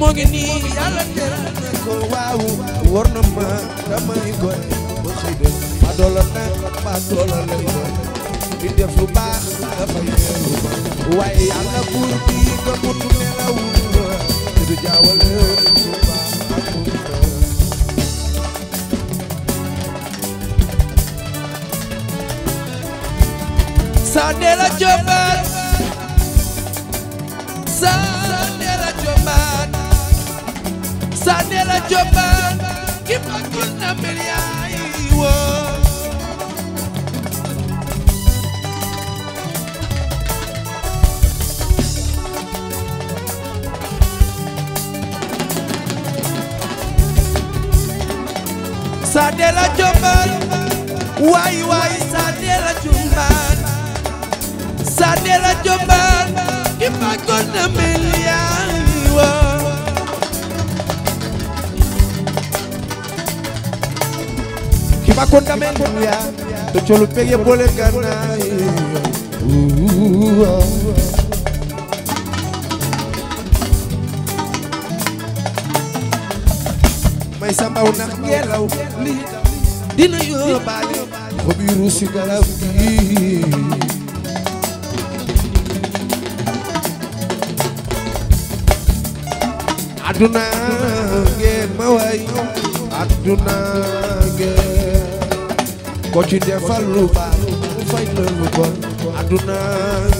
moo ngi nii yàlla teral na ko waaw war na ma damay goy ba xëy de ma doola nag ma doola lay doy di def lu baax dafay neeru waaye yàlla buur bi gëmut nelaw te du jaawale lu baax amul sa dee la jëpp sagul sa dee la jombal waay waay sa dee la jombal sa dee la jombal ki fagul na Makonda menduya tocholo pege pole kana may samba wu nax ngelaw li dina yóbbaale xobi ruusi garab gi aduna ngeen ma way aduna ngeen ko ci defal lu baax mu fay la lu bon àdduna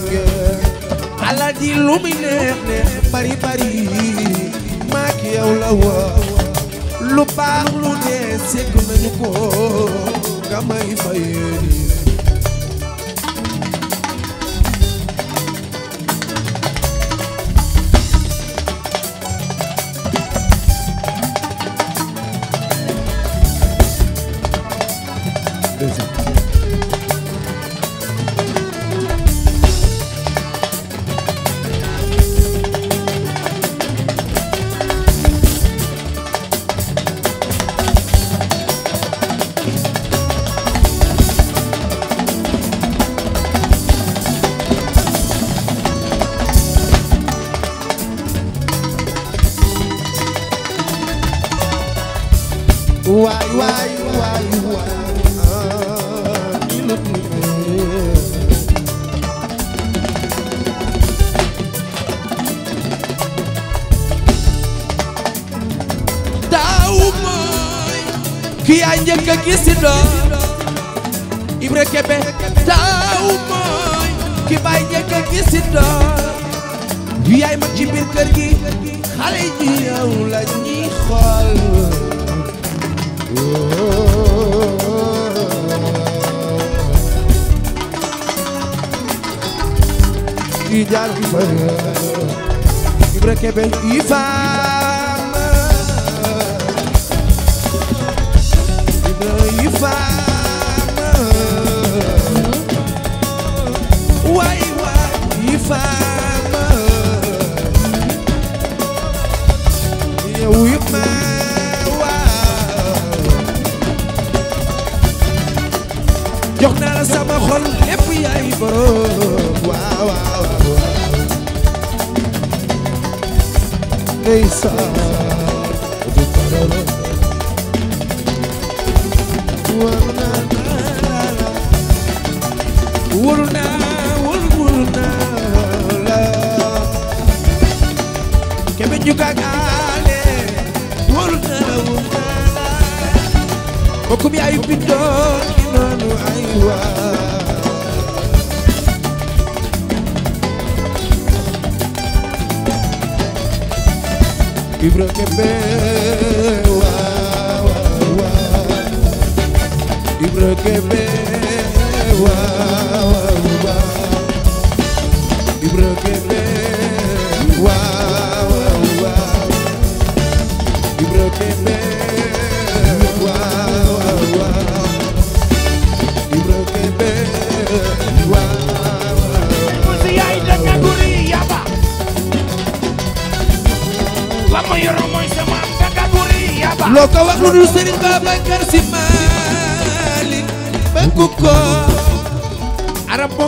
nga ala di lu muy neex neex bari bari maak yow la woo lu baax lu ne sekk nañu ko nga may fayee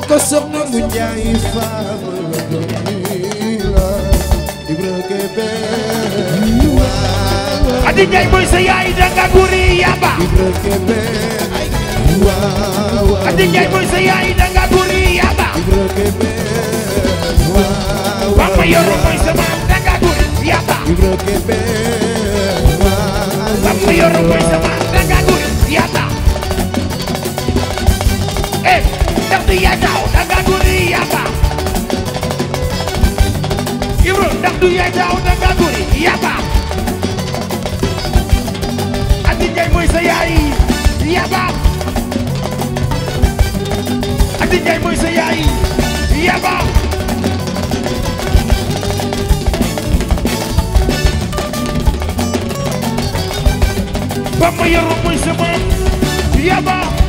ko soxna bu njaay faam la ibra kebe adi njaay mooy sa yaay danga guri yaba ibra kebe adi njaay mooy sa yaay danga guri yaba ibra kebe papa yoro mooy sa maam danga guri yaba ibra kebe papa yoro mooy sa maam danga guri yaba ya jaaw danga du ri yàmba ibro ndax du ya jaaw danga du ri yàmba ati njaay mooy sa yaay yàmba ati njaay mooy sa yaay yàmba ba ma yaru mooy sa maam yàmba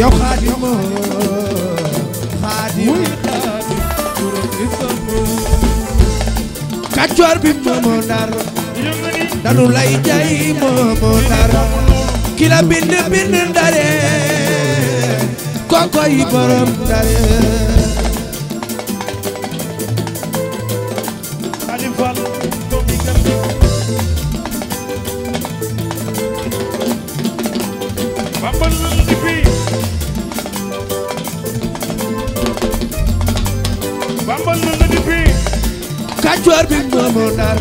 yow Xaadima kàccoor bi moomoo nar danu lay jaay moomoo nar ki la bind bind ndare kookoy borom ndare coor bi moomoo ndar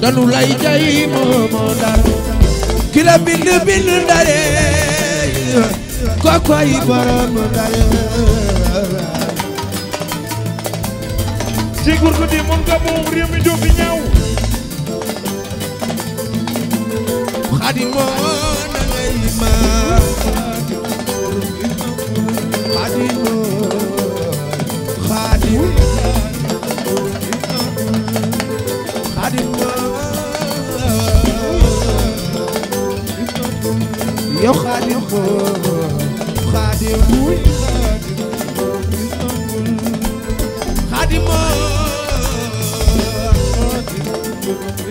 danu lay jaay moomoo ndar ki la bind bind ndare kookoy borom ndare ci gurgudi moom nga moom réew mi jóg ñaaw xadi moo na ngay ma yow xaadim boobu xaadim buy xaadim boobu istanbul xaadim boobu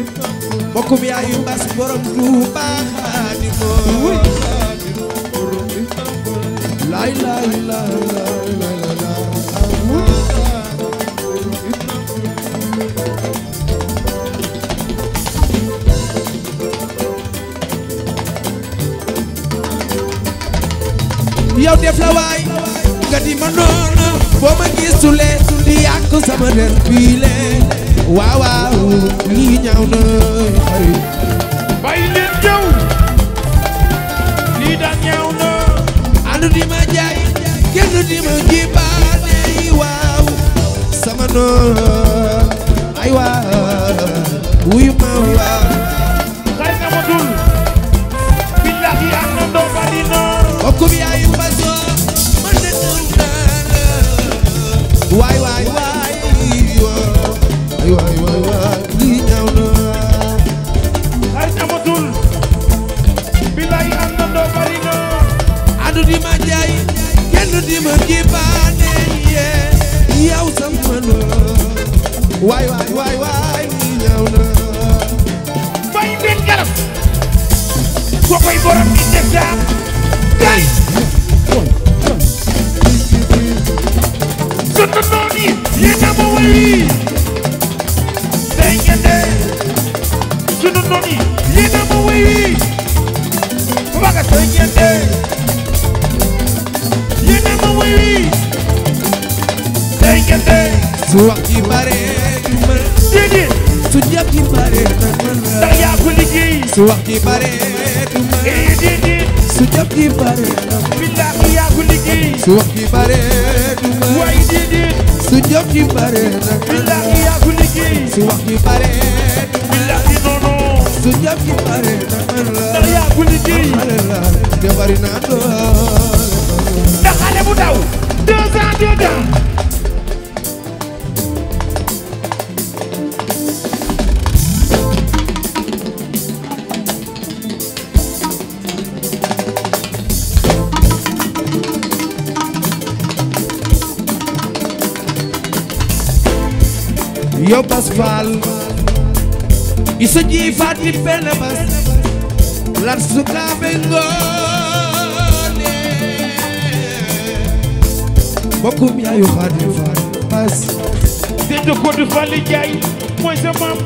istanbul mbokkum yaayu bas borom Tuuba xaadim boobu xaadim boobu istanbul lay lay lay lay yow def la waay nga di ma noonu boo ma gisulee di yàq sama der bii le waaw waaw lii ñaaw na xarit bàyyi leen yow lii daan ñaaw na di ma jaay kenn di ma jibaane waaw sama noonu ay waaw wuyu ma waaw xay na ma dul billahi ànd doo bari na okkum waay waay waay waay waay waay waay lii ñaaw na ay amatul bilaay àndandoo bari na àndu di ma jaay kenn di ma jibaane yee yow sama na waay waay waay waay lii ñaaw na bay benn garab soo koy borom di def daam su wax ji bare du ma su jëf ji bare du ma billahi yaa ko liggéey su wax ji bare du ma waaye déedéet su jëf ji bare na billahi yaa ko liggéey su wax ji bare billahi noonu su jëf ji bare na ndax yaa ko liggéey te bari na doole ndax xale bu daw deux ans deux ans yo bas faal i soji faati pene bas lar sukaabe ngoone bokkum yaayu xaadim faal bas seetu kodu faal i jaay mooy sa maam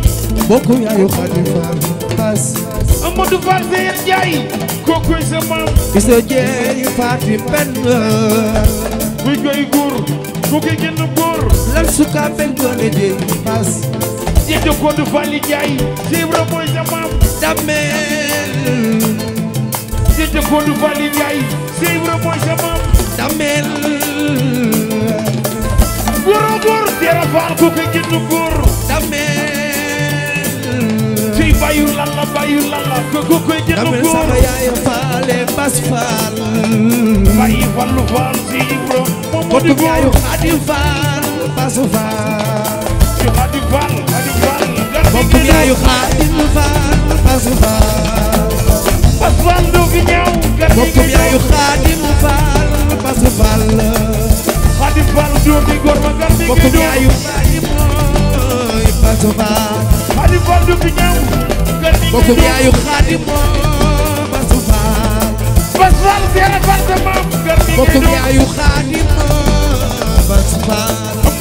bokkum yaayu xaadim faal bas amadu faal seer jaay kookoy sa maam i soji faati pene kuy goy góor kookoy genn alal suka fel doole de paas jëjë ko du fali jaay sibra mooy sa maam damel jëjë ko du fali jaay sibra mooy sa maam damel goro góor dera faal ko ke ginnu góor damel ci bayu lalla bayu lalla ko ko ke ginnu góor damel sama yaay faale bas faal bayi fallu faal sibra moom moo di góor Basu Faal yu Xaadim Faal Xaadim Faal bopp yaa yu Xaadim Faal Basu Faal asfal du fi ñaaw bopp yaa yu Xaadim Faal Basu Faal Xaadim Faal joomi góor ma gar bopp yaa yu Xaadim mooy Basu Faal Xaadim Faal du fi ñaaw bopp yaa yu Xaadim mooy Basu Faal Basu Faal seen appartement bopp yaa yu Xaadim Basu Faal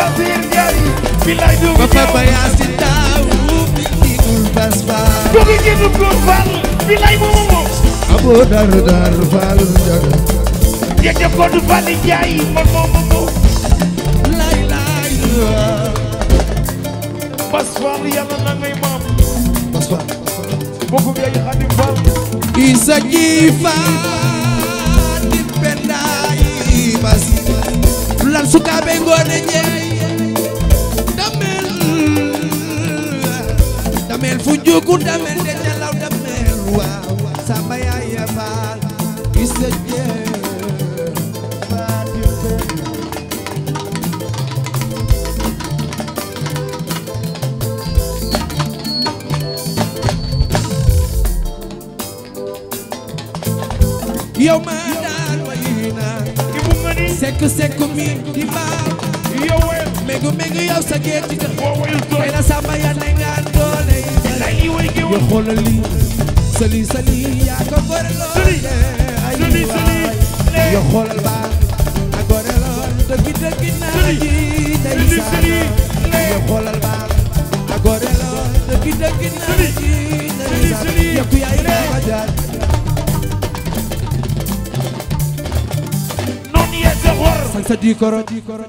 Basir Njari billaay doo ko ñëw ba yaa si taawu digul bas baa doo ko génn góor faal billaay moomu moom aboo daru daru faalu njaga jëjë ko du faali njaay man moomu moom lay lay bas faal yàlla na ngay maam bas faal bokkum yaay xadim faal isa ji faal di pendaay bas lan sukaa be ngoone ñeey fu njuukul damel de nelaw damel waaw samba yaay ya baal gis sa jeex yow ma daal wa yi naa i bu nga nii sekk sekk mi di baal yow we mengu mengu yow sa géej ci kër kay na samba ya nengaan doole yoo xoolal lii sali sali yaa ko góorloo sali sali yoo xoolal ba a góorloo dëgg dëgg naa ji day sali yoo xoolal ba a góorloo dëgg dëgg naa ji day sali yokku yaay baba jaar noon yee sa xor san sa di koro di koro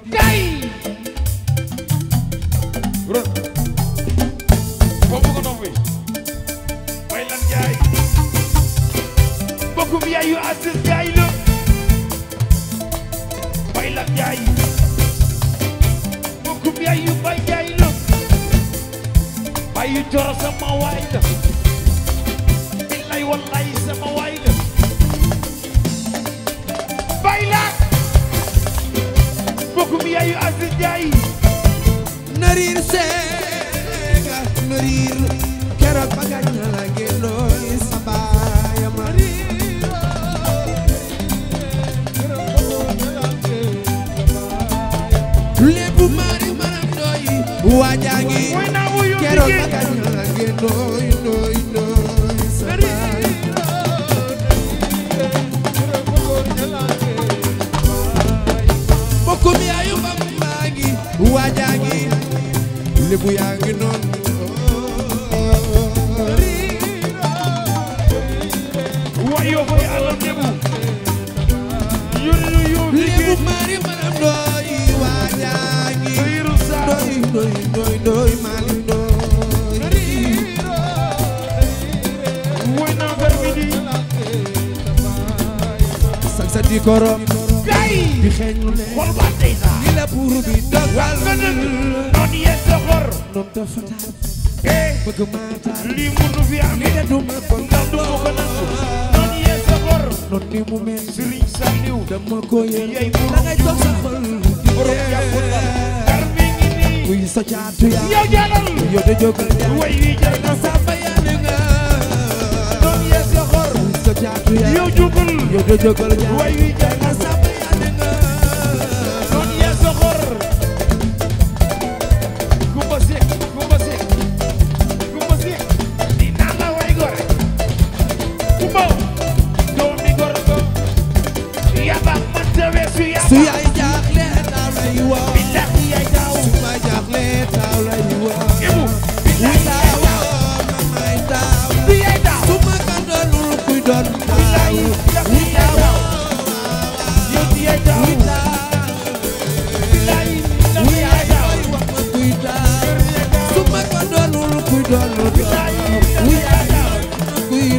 su bi tax jaaxle taaw lay woo bi bi yaay bi taw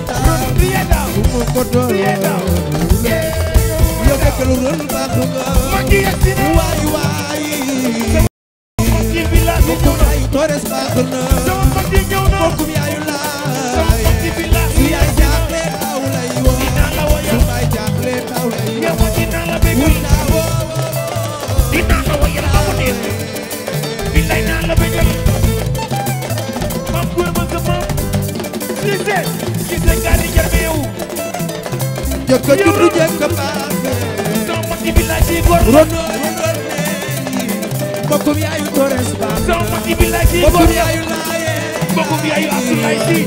yow di yaay taw bi lu rëy lu baax lu nga waay waay mbokkum ay tores baax na mbokkum yaayu laay su yaay jaaxle taw lay woo su baay jaaxle taw lay woo wut naa woo dinaa la woyal aboneel bilay naa la bëggal mam kuy ma gëma gisee gisee gaa di jarmeewu jëkk a juddu jëkk a baax rot mbokkum yaayu Torres ba mbokkum yaayu laaye mbokkum yaayu Abdoulaye Si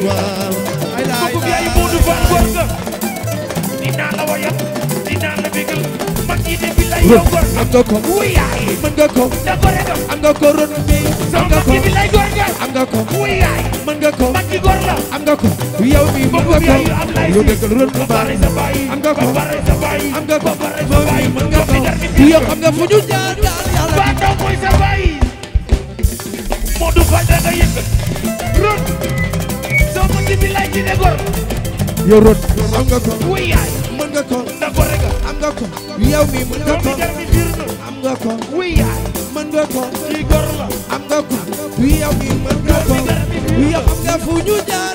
mbokkum yaayu Modou Fall Gorga dinaa la wayal dinaa la bégal rot am nga ko mën nga ko am nga ko rot am nga ko am nga ko mën nga ko am nga ko yow mi mën nga ko yow dëggal rot bu baax am nga ko am nga ko moom mi mën nga ko yow xam nga fu ñu jaar ba taw koy sa baay moo du fa da nga yëg rot soo mën ci bi lay ci ne gor yow rot am nga ko mën nga ko nga ko yow mi mën nga ko am nga ko wi yaay mën nga ko kii gor la am nga ko yow mi mën nga ko yow am nga fu ñu jaar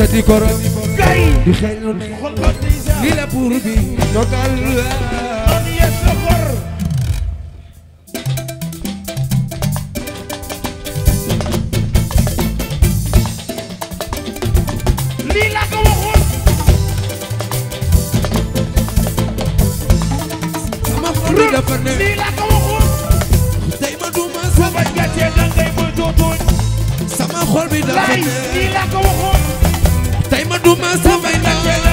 sa di korom di xelul li la buur bi dogal sama xol bi dafa ne du ma samay noon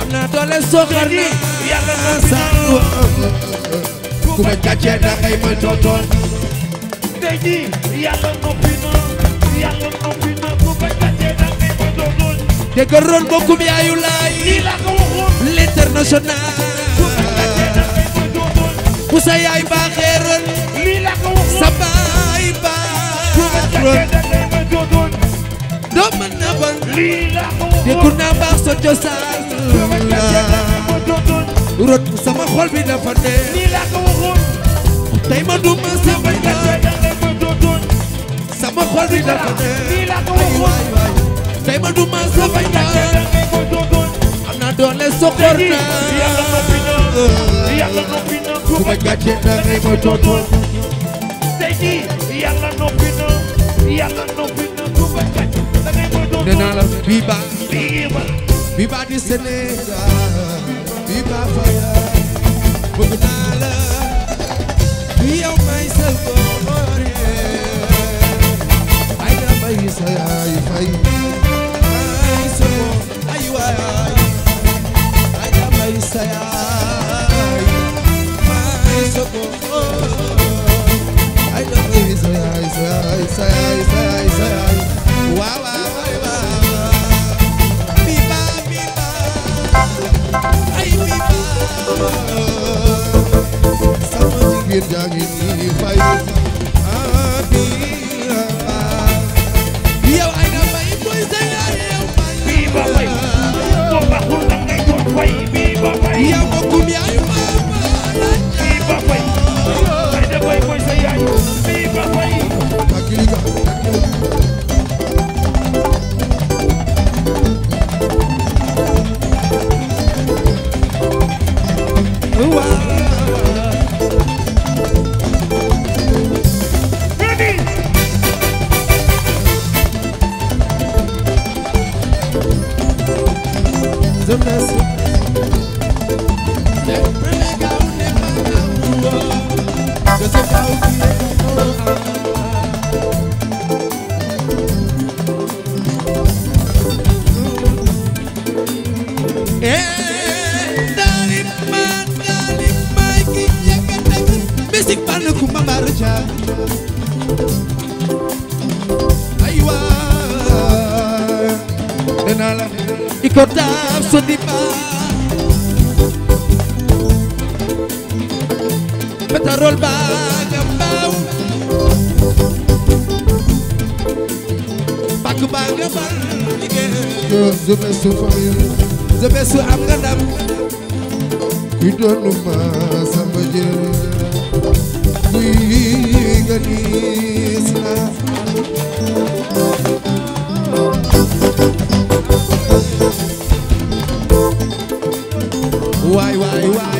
am na doole soxor na yàlla sànq ku ma jàccee da ngay ma tootoon tey jii yàlla noppi na yàlla noppi na ku ma jàccee da ngay ma tootoon te gërëm mbokkum yaayu laay lii laa ko waxoon l'international ku ma jàccee da ngay ma tootoon ku sa yaay baaxee ron lii laa ko waxoon sa baay doo mën na bon déggu naa baax sa cosaan rot sama xol bi dafa dee tey ma du ma sa bañ sama xol bi dafa dee tey ma du ma sa bañ am na doole soxor naa ku ma gàcce da ngay ma tontoon tey ji yàlla noppi na yàlla noppi nee naa la Biba Biba di Sénégal Biba Faya bëgg naa la yow may sel góor ay na may sa yaay fay ay sa góor ay waay ay na may sa yaay may sa góor ay na may sa yaay sa yaay sa yaay sa yaay waaw waaw sama jigéen jaa ngi nii fay yow ay na fay mooy sa yaay yow fay bii ba fay boo baaxul da ngay doon fay bii ba fay yow bokkum yaay maama laaj bii ba fay ay na fay mooy sa yaay bii ba fay ikut dap sudipa Betarol bagam bau Baku bagam bau Zemesu famil Zemesu am nga ndam Kuy doonu ma samba jël Kuy gani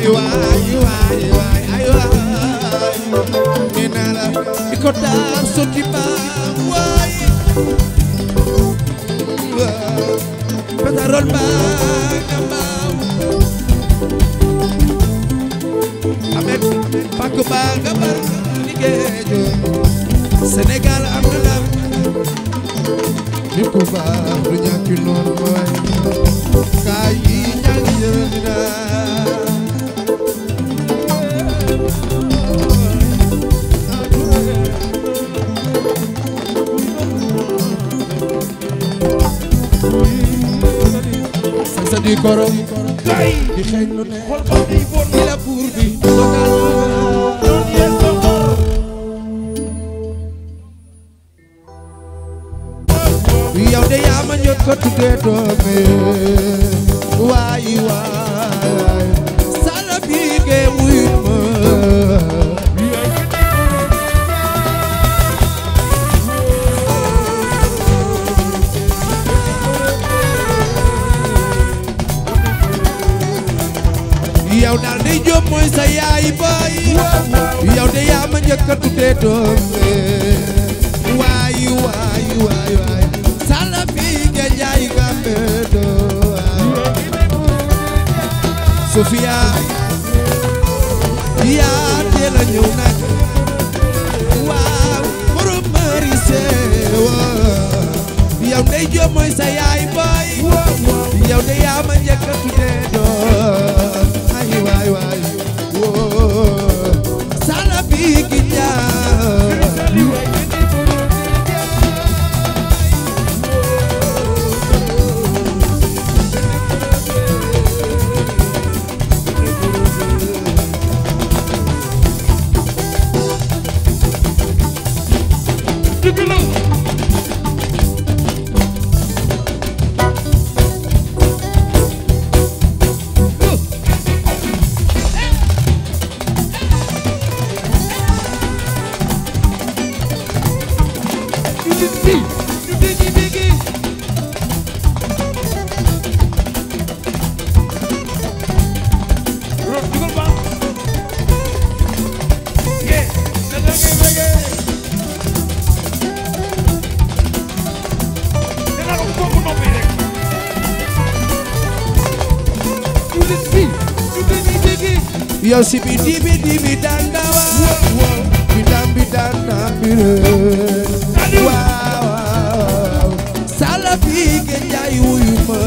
Kayi ñaan yërëm naa di gorom di xeeñ lu ne yow si bi di bi di bi danda waaw bi dam bi danda bi waaw waaw salafi ke jaay ma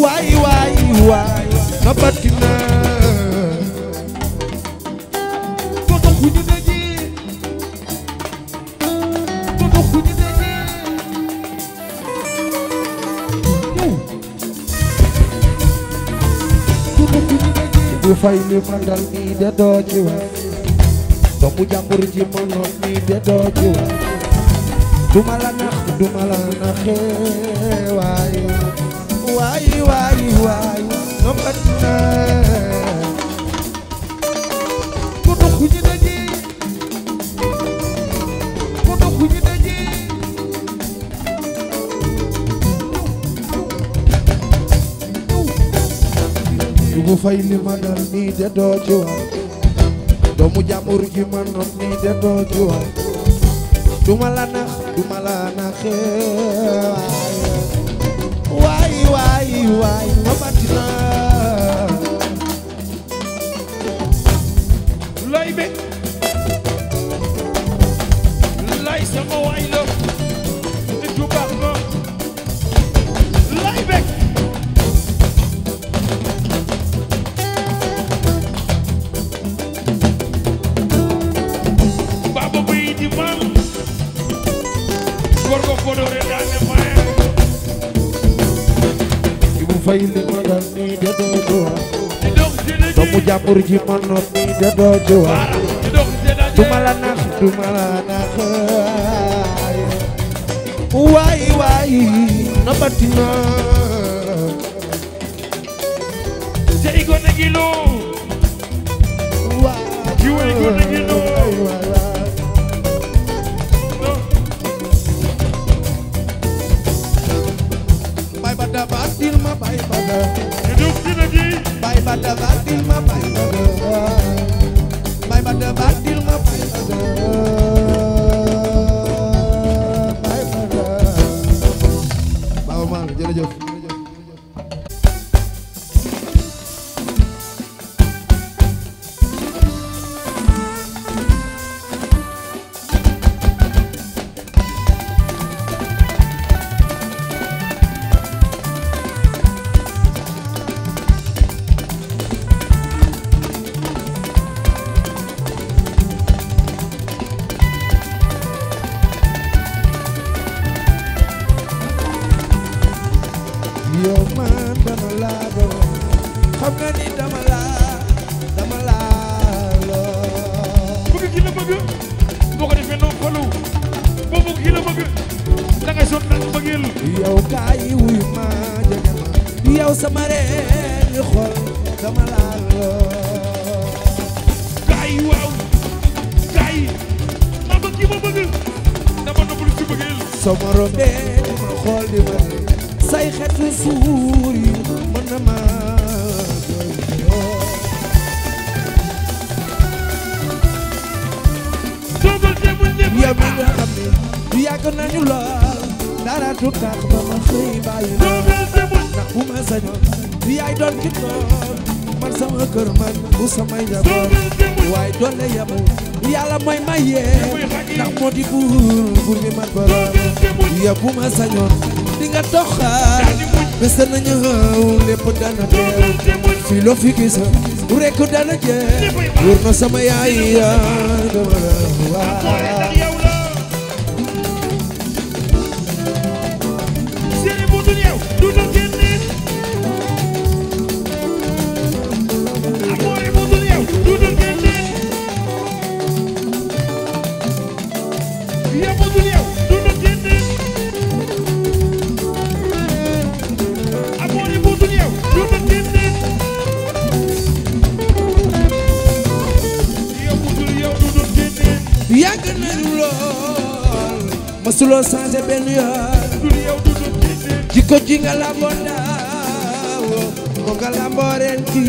waay waay waay nabat na toto xuñu daje toto xuñu daje yow toto xuñu daje du fay li ma dal nii de doo ci wax doomu jàmbur ji ma noon nii de doo ci wax du ma la nax du ma la naxee waay mu fay li ma dal nii de doo doomu jàmbur ji ma noon nii de doo ci wax la nax duma la naxee waay waay fay li ma la nii de doo ci wax doomu jàmbur ji ma noot nii de doo ci wax du ma la nax du ma la waay waay nabati naa jey gone gi loo waay waay bay bada ñu dugg ci na gi bay bada baatil ma bay bada bay bada baatil ma bay bada loo fi gis bu rekk dana jeex wóor na sama yaay yaa dama la waa Yabudul yaw masuloo changé benn yoon jikko ji nga lamboo daawoo moo nga lamboo ren ci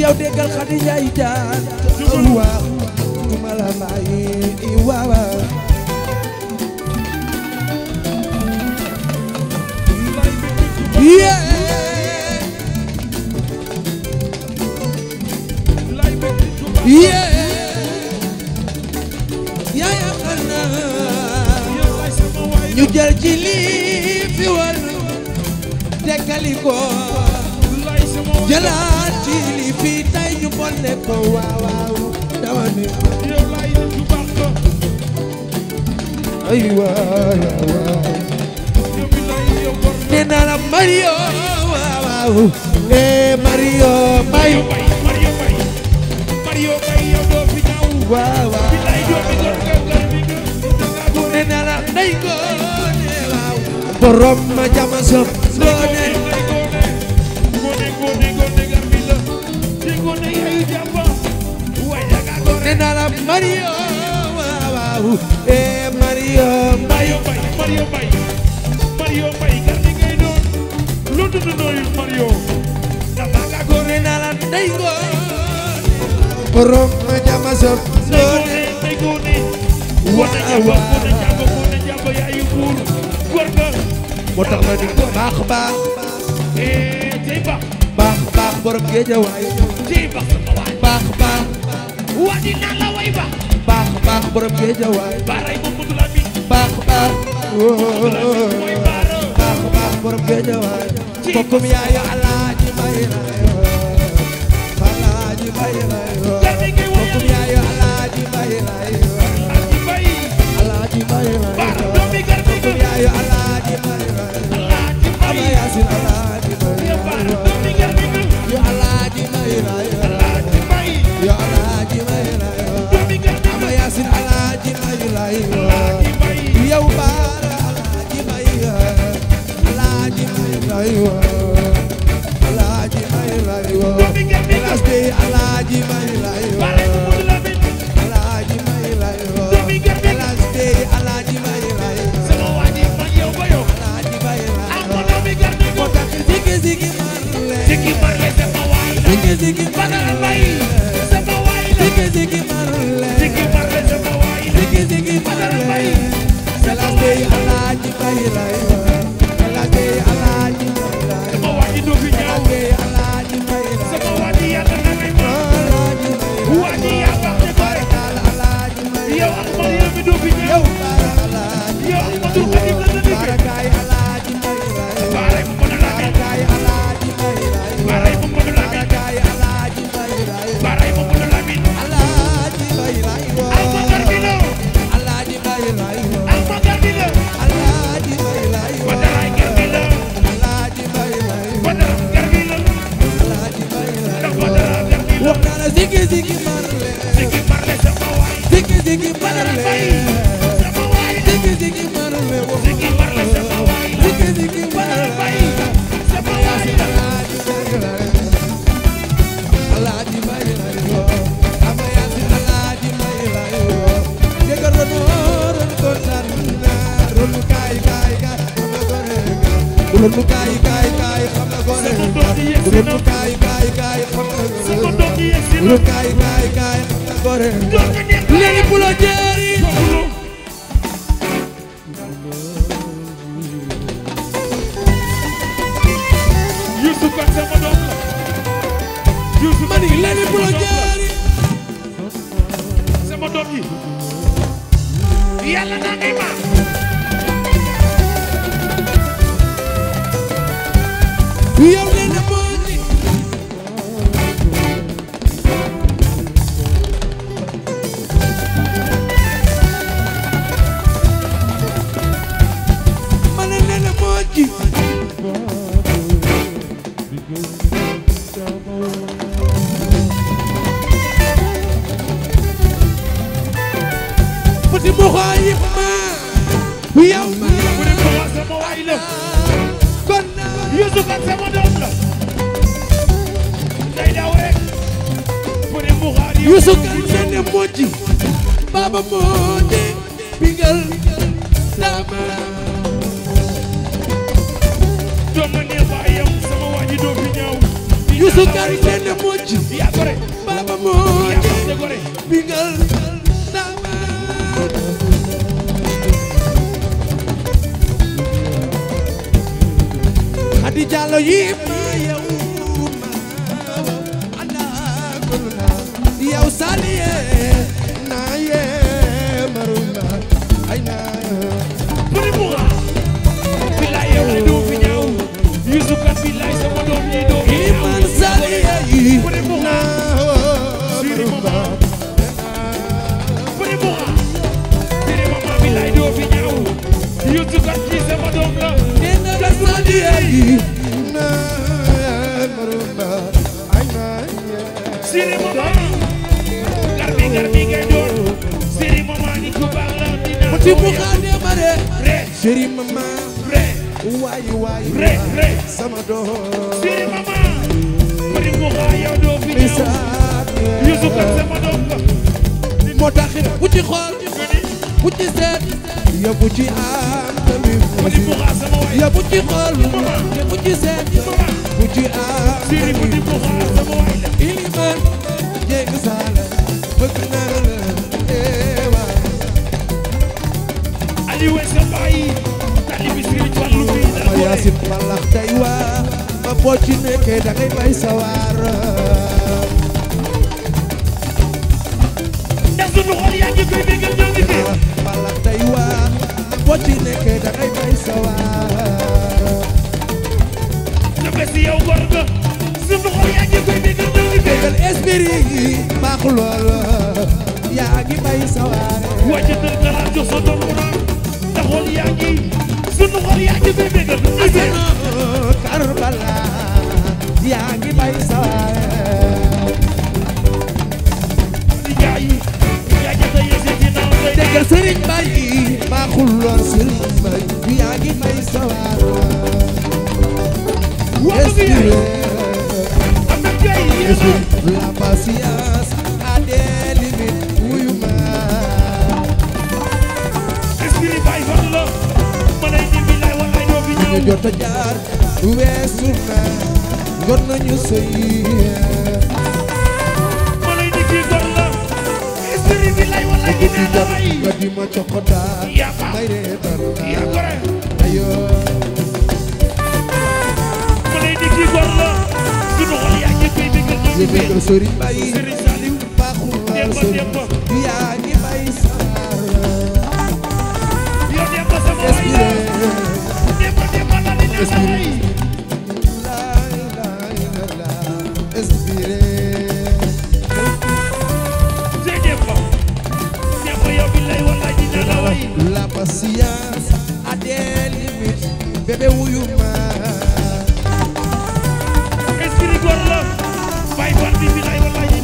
yow déggal Xadi Njaay jaan waaw du ma la bàyyi waaw jël ci lii fi war dekkali ko ci lii fi tay ñu bolle ko waaw dama ne ay waaw waaw nee Mario waaw waaw eh, Mario Mbaye borom ma jama soom ngoone ngoone ngoone ngoone garmi la di ngoone yayu jàmba way daga ngoone nee naa la Mario waaw waaw eh Mario Mario Mbaye Mario Mbaye Mario Mbaye garmi ngay doon lu tudd nooyu Mario daga ngoone nee naa la day ngoone borom ma jama soom ngoone day ngoone waaw waaw ngoone jàmba ngoone jàmba yayu buur moo tax ma di baax baax baax baax borom géeja waay baax baax waadi naa la way baax baax baax borom géeja waay baaray bu mudu la bi baax baax baax baax borom géeja waay bokkum yaayu alaaji may Alaaji May lay woo, last day Alaaji May lay ziki mara lay sama waay la ziki ziki mara lay ziki mara sama waay la ziki ziki mara lay siri bu di bu xaar sama waay la iliman jéeg saala bëgg naa la ewa eh ali we sa baay talibi siri fallu bi na ma yaasin balax day waa ma boo ci nekkee da ngay may sawar ndax sunu xol yaa ngi koy bégal ñoo ngi dee balax day waa ma boo ci nekkee da ngay may sawar def si yow góor nga sunu xol yaa ngi koy bégal ñoo ngi bégal esprit yi baax lool yaa ngi bay sawaare wàcce dal dara jox sa doom mu naan te xol yaa ngi sunu xol yaa ngi koy bégal asana karbala yaa ngi bay sawaare déggal sëriñ bay baaxul lool sëriñ bay yaa ngi bay sawaare la patience a des limites wuyu ma esprit bay fan la man ay ñibbi lay wala ñoo fi ñëw ñu jot a jaar weesu na jot nañu sëy man ay ñibbi fan la esprit bi lay wala gi ne la may nga di ma coxota may reetal la ayo ji góor la sunu xol yaa ngi koy dégg ñu bëgg sori bàyyi Serigne Saliou baaxul la sori yaa ngi bàyyi saara yow dem ba sama waay la dem ba dem ba la di dem ba lay La patience a des limites, bébé wuyu ma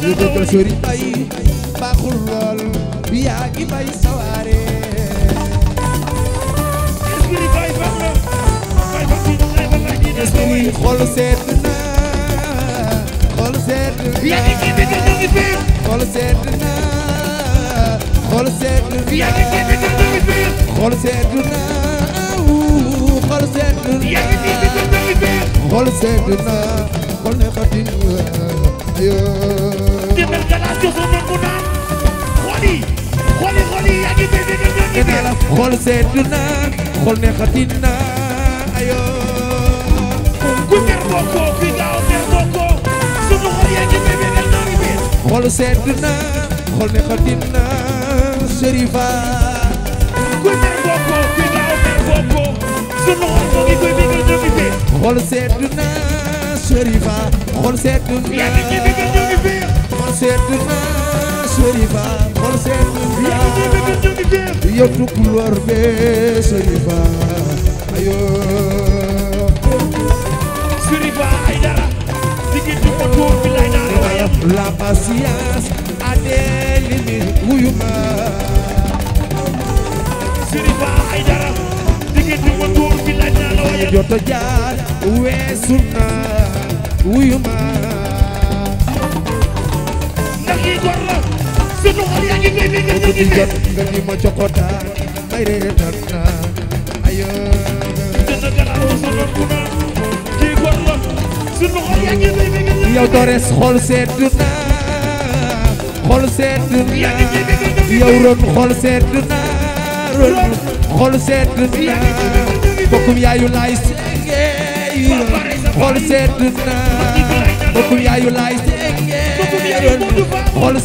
ñu bëgg a sori bay baaxul lool yaa ngi bay sawaare xool seet na xool seet na xool seet na xool seet na xool seet na xool seet na di mel galaas joxu mën ku naan xooli xooli xooli yaa ngi béy béy béy béy. xool seetlu naa xool neexati naa ayoo. ku mer bokkoo fi gaaw mer bokkoo sunu xool yaa ngi béy béy béy naa ngi béy. xool seetlu naa xool neexati naa Serifa. ku mer bokkoo fi gaaw mer bokkoo sunu xool moo ngi béy béy béy naa ngi béy. xool seetlu naa. Serifa xol sedd na xol sedd na Serifa xol sedd na yëpp couleur be Serifa ayo Serifa ay dara diggi ko tour bi lay dara la patience a des limites wuyu ma Serifa ay dara diggi ko tour bi lay dara jot a jaar weesu na wuyu ma ndax yi gor la sunu xol yaa ngi nii nii nga ñu ngi jot nga ni ma jokotaan may reere tan na ayo dina galaw sunu kuna yi gor la sunu xol yaa ngi nii nii nga ñu yow dores xol seddu na xol seddu na yow ron xol seddu na ron xol seddu na bokkum yaayu laay si xol sedd na mbokku yaayu laay sengeen xol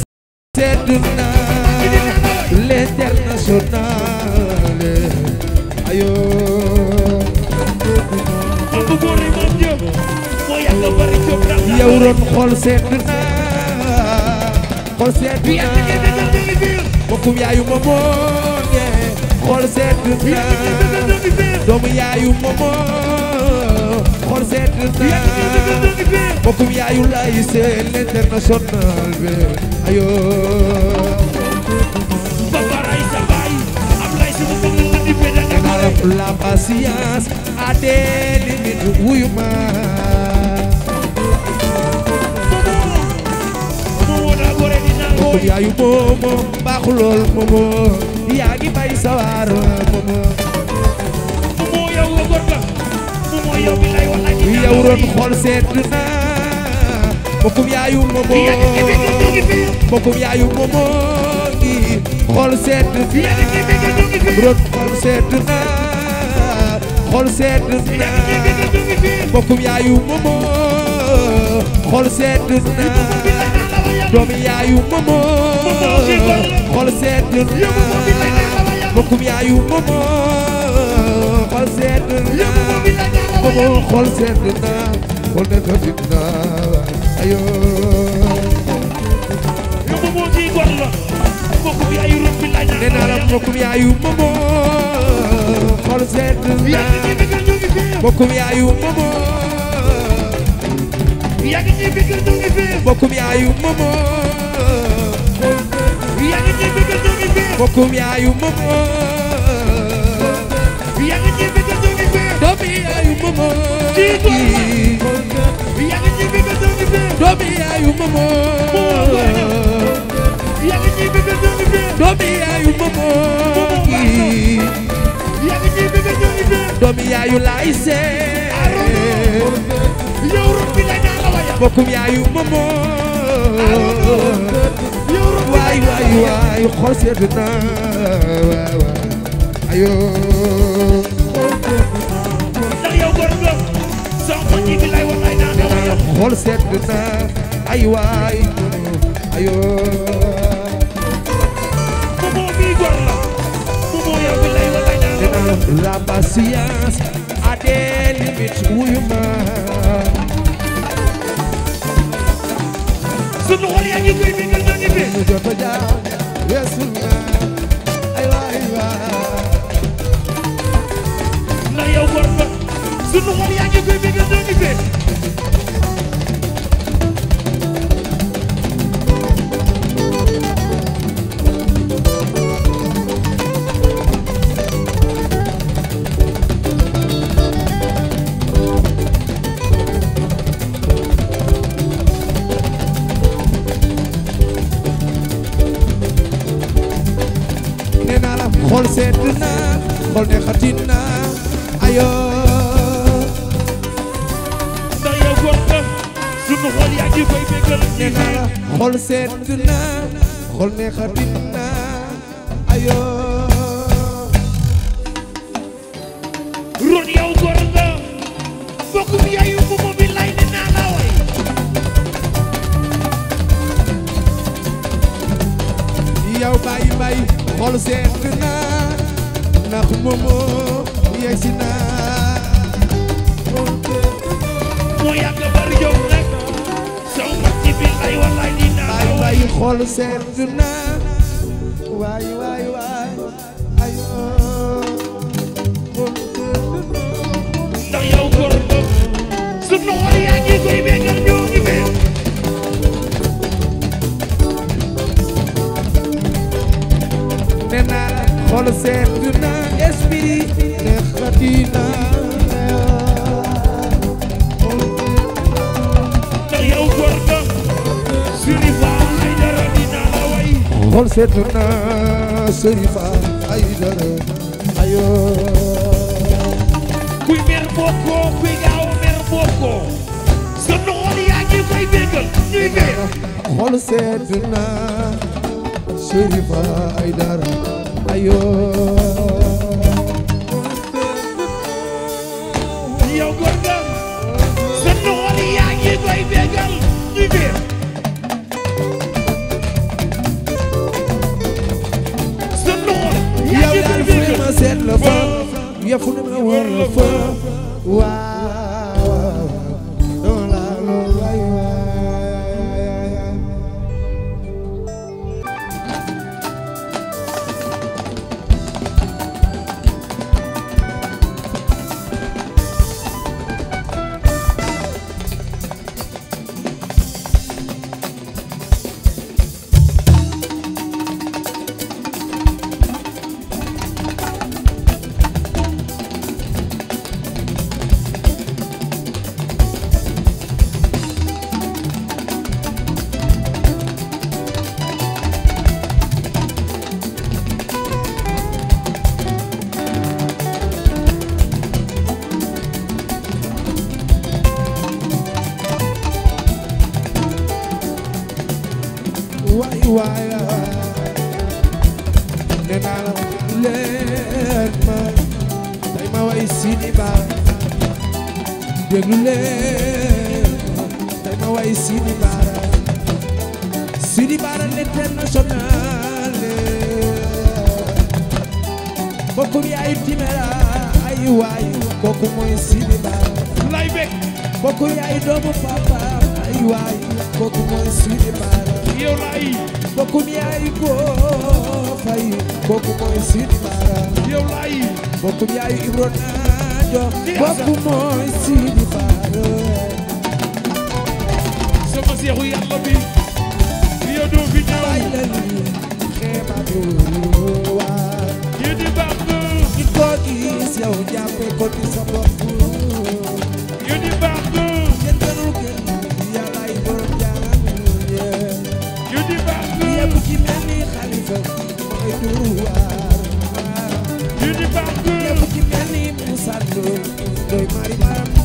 sedd na l'international ayo yow ron xol sedd na xol sedd na mbokku sedd na mbokkum yaayu lay seen l'international bi ayo babaray sa bay am lay sama bëgg na di beda na la patience a des limites wuyu ma mbokkum yaayu moomo baaxu lool moomo yaa ngi bay sawar moomo moomo yow nga góor la yow doon xool seet na mbokkum yaayu momo mbokkum yaayu momo ngi xool seet na doon xool seet na xool seet na mbokkum yaayu momo xool seet na doomi yaayu momo xool seet na mbokkum yaayu momo xool seet na bëggul xol sedd na xol ne xëfit na ayoo yu momo ji gor la mbokk bi ay rëbb bi laaj nee naa la mbokk bi ayu momo xol sedd na mbokk bi ayu momo yàgg ci bëggal ñu ngi fi mbokk bi ayu momo yàgg ci bëggal ñu ngi fi mbokk bi ayu momo yàgg ci doomi yaayu momo kii yaa ngi ñibbi nga soo ñibbee doomi yaayu momo yaa ngi ñibbi nga soo ñibbee doomi yaayu momo kii yaa ngi ñibbi nga soo ñibbee doomi yaayu laay see yow rut bi la ñaa la waya bokkum yaayu momo yow rut waay waay waay xol sedd na waaw waaw ayoo xool sedd na ay waay ayo bobo mi a des yaa ngi koy mi ngal nangi a jaar weesu waay waay na yow gor ba sunu yaa ngi koy mi ngal nangi be Medina ayo ndax yow góor nga sunu xol yaa ngi koy bégal nee naa xol seet na xol neexatina sëriñ Fall ay dara ayoo kuy mer bokkoo kuy gaaw mer bokkoo sunu xol yaa ngi koy déggal ñuy mer xol sedd na sëriñ Fall ay dara ayoo seet la fa yafu ne ma war fa waay waay nee naa la leen ma day ma way Sidi Ba déglu leen day ma way Sidi Bara Sidi Bara l'international bokkum yaay Timéra ay waay Bara lay bokkum yaay doomu papa ay waay kooku mooy Sidi Bara yow laay bokkum yaay boo fay bokkum mooy Sidi Bara yow laay bokkum yaay Ibro Nadio bokkum mooy Sidi Bara sama seexu yàlla bi yow doo fi ñëw ay la li xeema doo waa yow di sa bopp yu di baax kenn Yudi Bambu Yudi Bambu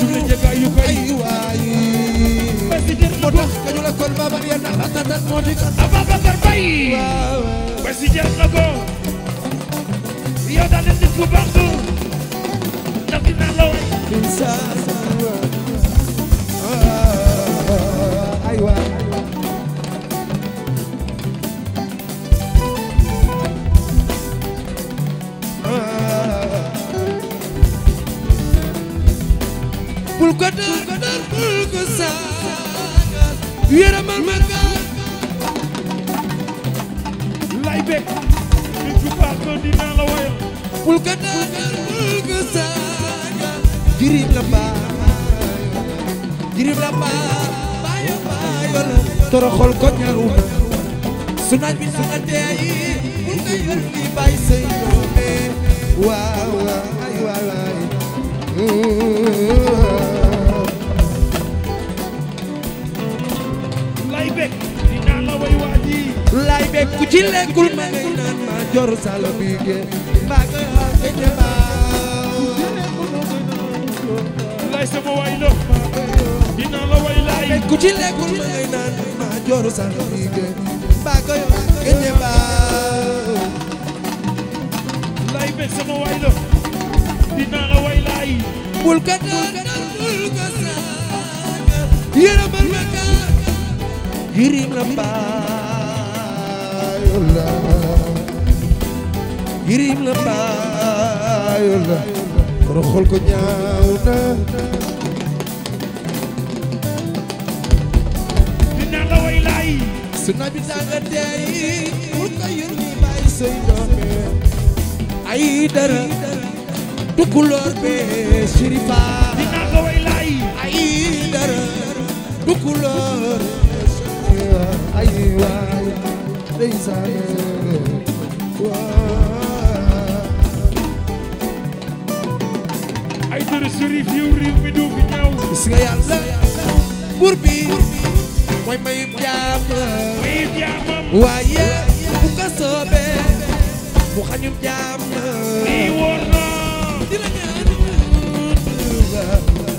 julli jëgaay yu koy moo tax kañu la kol baaba riya na ratatat moo di kan Ababacar Bay basi jar na ko yow daal nit ku baax du ndax dina la way ay waay bul ko dër ko dër bul ko saagal yërëmal ma gaal lay bekk ni jupaat ko dinaa la woyal bul ko dër bul ko saagal jirib la baayo jirib la baayo baayo la toroxol ko ñaaw na su naaj bi naa teeyi bul ko yër li bay say doome waaw waaw lay bég dinaa la way waaji lay bég ku ci lekkul ma ngay naan ma jor salo bi ge ma nga ake jaba lay sama way lo dinaa la way lay bég ku ci lekkul ma ngay naan ma jor salo bi ge ma nga ake jaba lay bég sama way dinaa la way laay bul ka daanal bul ka saaga yërëmal ma ka yirim la baayu la yirim la baayu la koro xol ko ñaaw na dinaa la way laay su na bi daanga tey bul ka yërëmi baay say doome ay dara tukulóor bee sirifa dina ko way lay ay dara tukulóor ay waay dara sirif yow réew mi du fi ñaw gis nga yàlla buur bi mooy mayib bu ko soobee mu xañum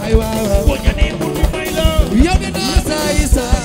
ay waaw boo ñanee buur bi may la yow de naa saay saay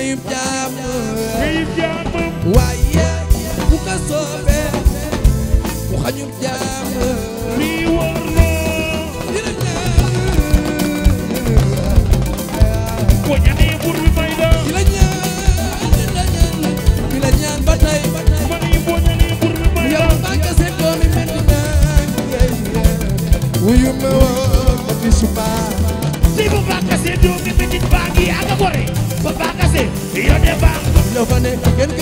fayub jaam ngeen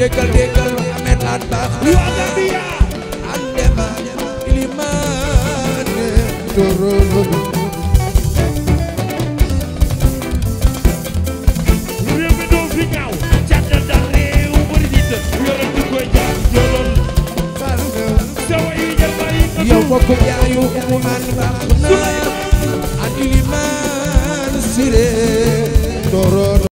déggal déggal amee naan baax wala biya andema limane torolo réew mi doo fi ñaaw jàddal daal réew bari nit yore du koy jaar jolol sawa yi jël bari yow bokk jaayu mu man baax na an limane sire torolo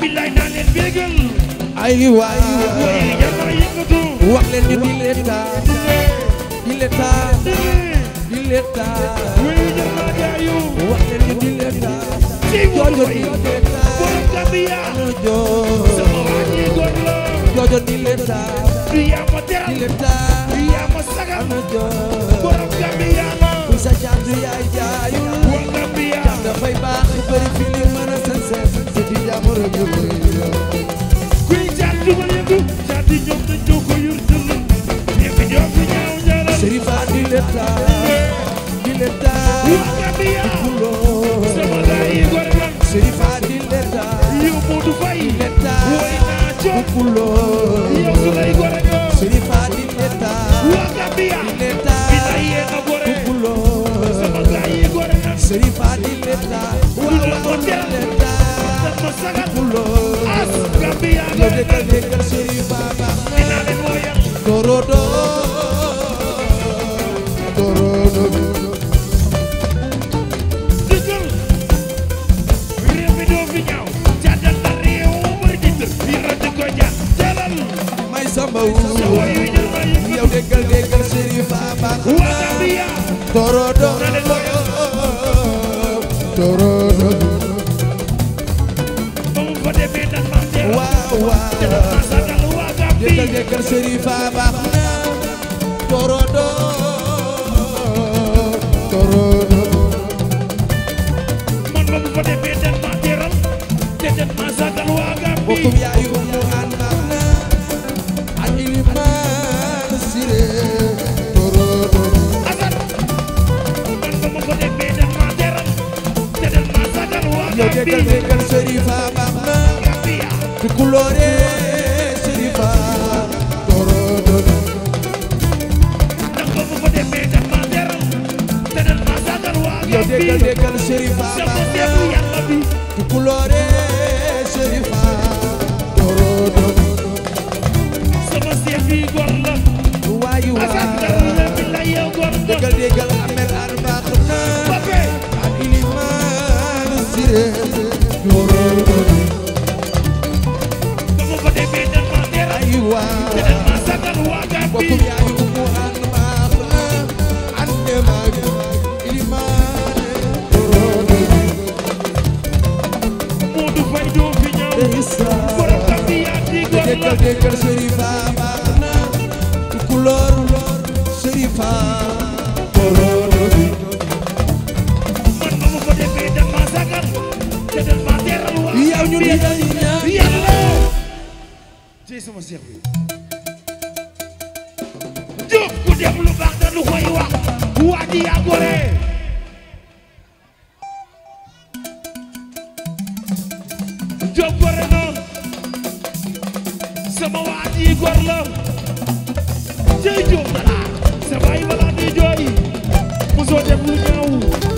billaay naa leen bégal ay waay waay yàlla yëngatu wax leen ñu di leen taal di leen taal di leen taal way yàlla jaayu wax leen ñu di leen taal joojo di leen taal borom Gambia sama waa ji góor la joojo di leen taal du yaa ma teral di leen taal du yaa ma sagal borom Gambia la sa caatu yaay jaayu borom Gambia dafay baax bëri fi li mën a ci jàmm rek ñu koy yëngal. kuy caat du ma yëngu caat yi ñoom dañoo ko yor jënd. ñebe ñoo fi ñaaw ñaaral. Serigne Fall di leen taal di leen taal. waa Gambia di sama gars yi góor la. Serigne Fall di leen taal. yow Modou Faye. di leen taal woy naa coow. kuloo yow su lay góor a ñëw. Serigne Fall di leen taal. waa Gambia di leen taal. bi tay yee nga góor a. kuloo sama gars yi góor a ñëw. Serigne Fall di leen taal. waa waa di leen taal. ko sagal as Gambia lo dekkal dekkal Serigne Baba ina le moya torodo torodo digal réew mi doo fi ñaaw jàddal na réew ba ditter bi rëdd ko ñaan jalal may samba wu yow dekkal dekkal Serigne Baba wa Gambia torodo torodo gaynde kër Sëriñ Fa baax na torodo torodo man ba mu fa defee den ma teral te den ma sagal waa Gàmbi bokkum yaayu mu an baax na ak ilimaan sire torodo asan man ba mu fa defee den ma teral te den ma sagal waa Gàmbi yow de kër Sëriñ Fa baax na ku kulooree Welcome, yeah. déggal sama seex ku def lu baax da lu koy wax waa ji yaa gore góor la cey jóob balaa sa baay balaa day jooy mosoo def lu ñaaw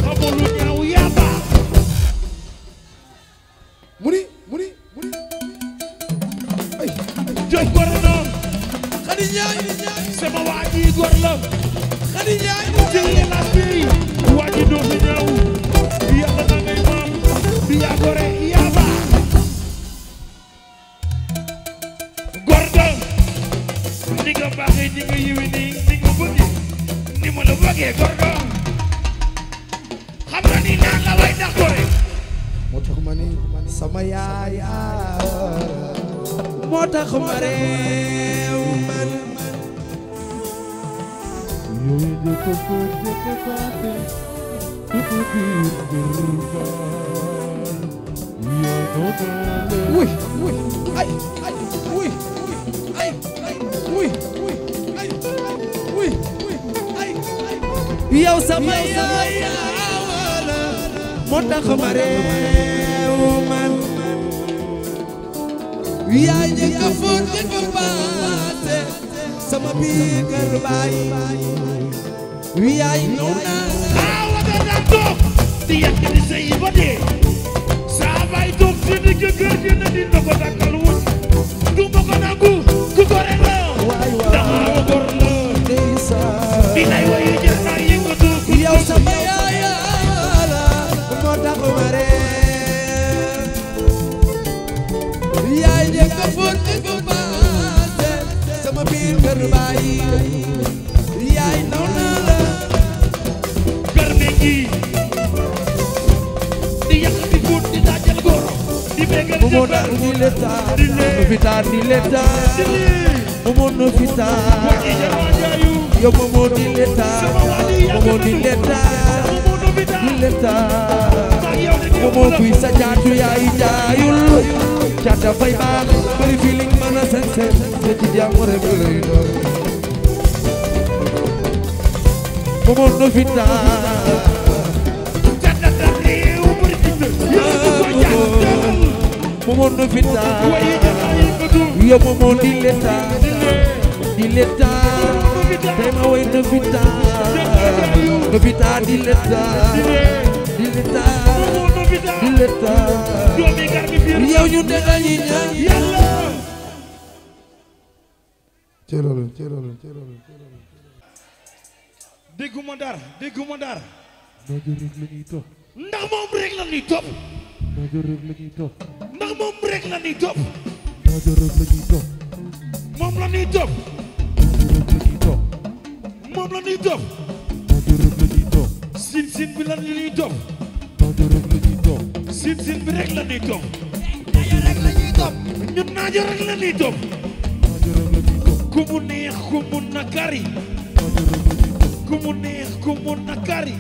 kari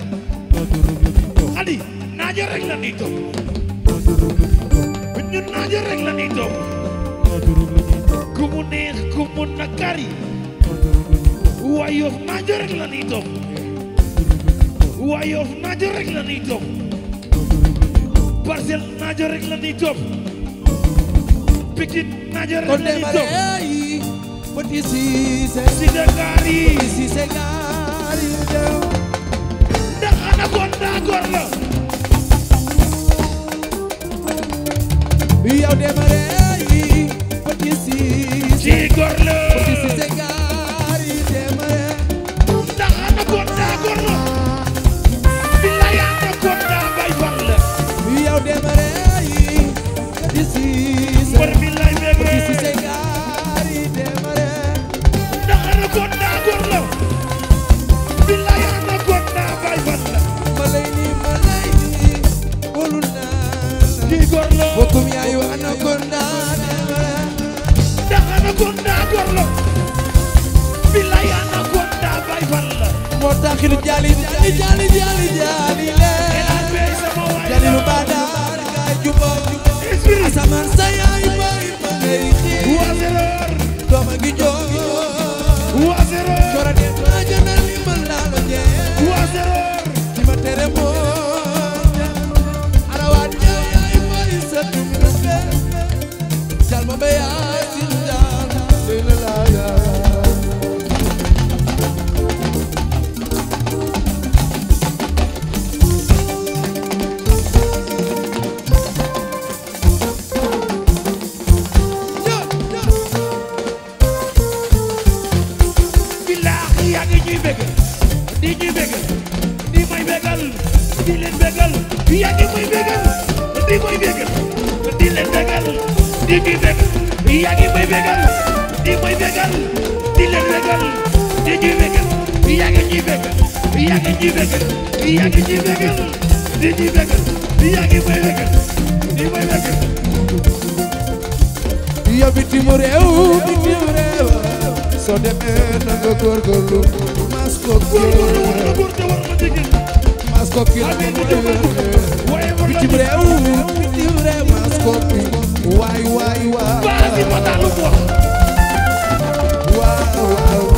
xadi naajo rek la ñuy toog ñun naajo rek la ñuy toog ku mu nakari waayoof naajo la ñuy toog waayoof la ñuy toog parcelle la ñuy anaconda góor la yow demare yi petit si ci góor la petit si se gaar yi demare ndax anaconda góor la billahi anaconda bay far la yow demare yi petit si se bokkum yaayu anaconda ndax anaconda door la billaay anaconda bay fan la moo taxil jaali jaali jaali jaali jaali leen jaali lu baadaar gaay jubo asamaan sa yaay bari bari wasereer dooma gi jooy wasereer cora dee maa jënal li ma laalo jee wasereer li ma tere bégal yaa ngi ñuy bégal yaa ngi ñuy bégal di ñuy bégal yaa ngi may bégal di may bégal. yow bitim réew bitim réew soo demee na nga góorgóorlu mas ko kii mas ko kii bitim réew bitim réew mas ko kii waay waay waay waaw waaw.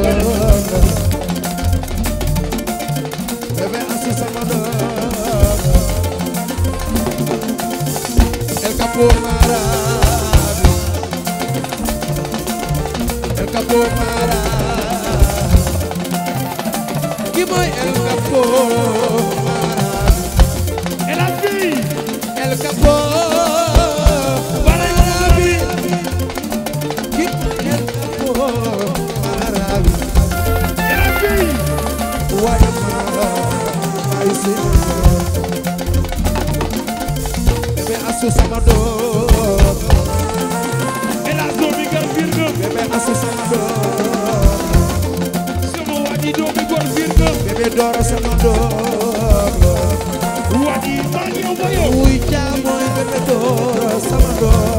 capo mara el capo mara ki mooy el capo mara el albi el capo asu sama doom elaas doomi gar firnde bébé asu sama doom sama waji doomi gor firnde bébé doora sama doom waji maa yow ma yow wuy jaamoy bébé doora sama doom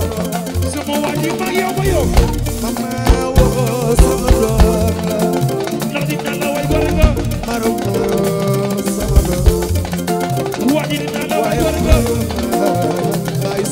sama waji maa yow ma yow mama woo oh, oh, sama doom la ndax di nanga way gore nga marom marom sama doom waji di nanga way gore nga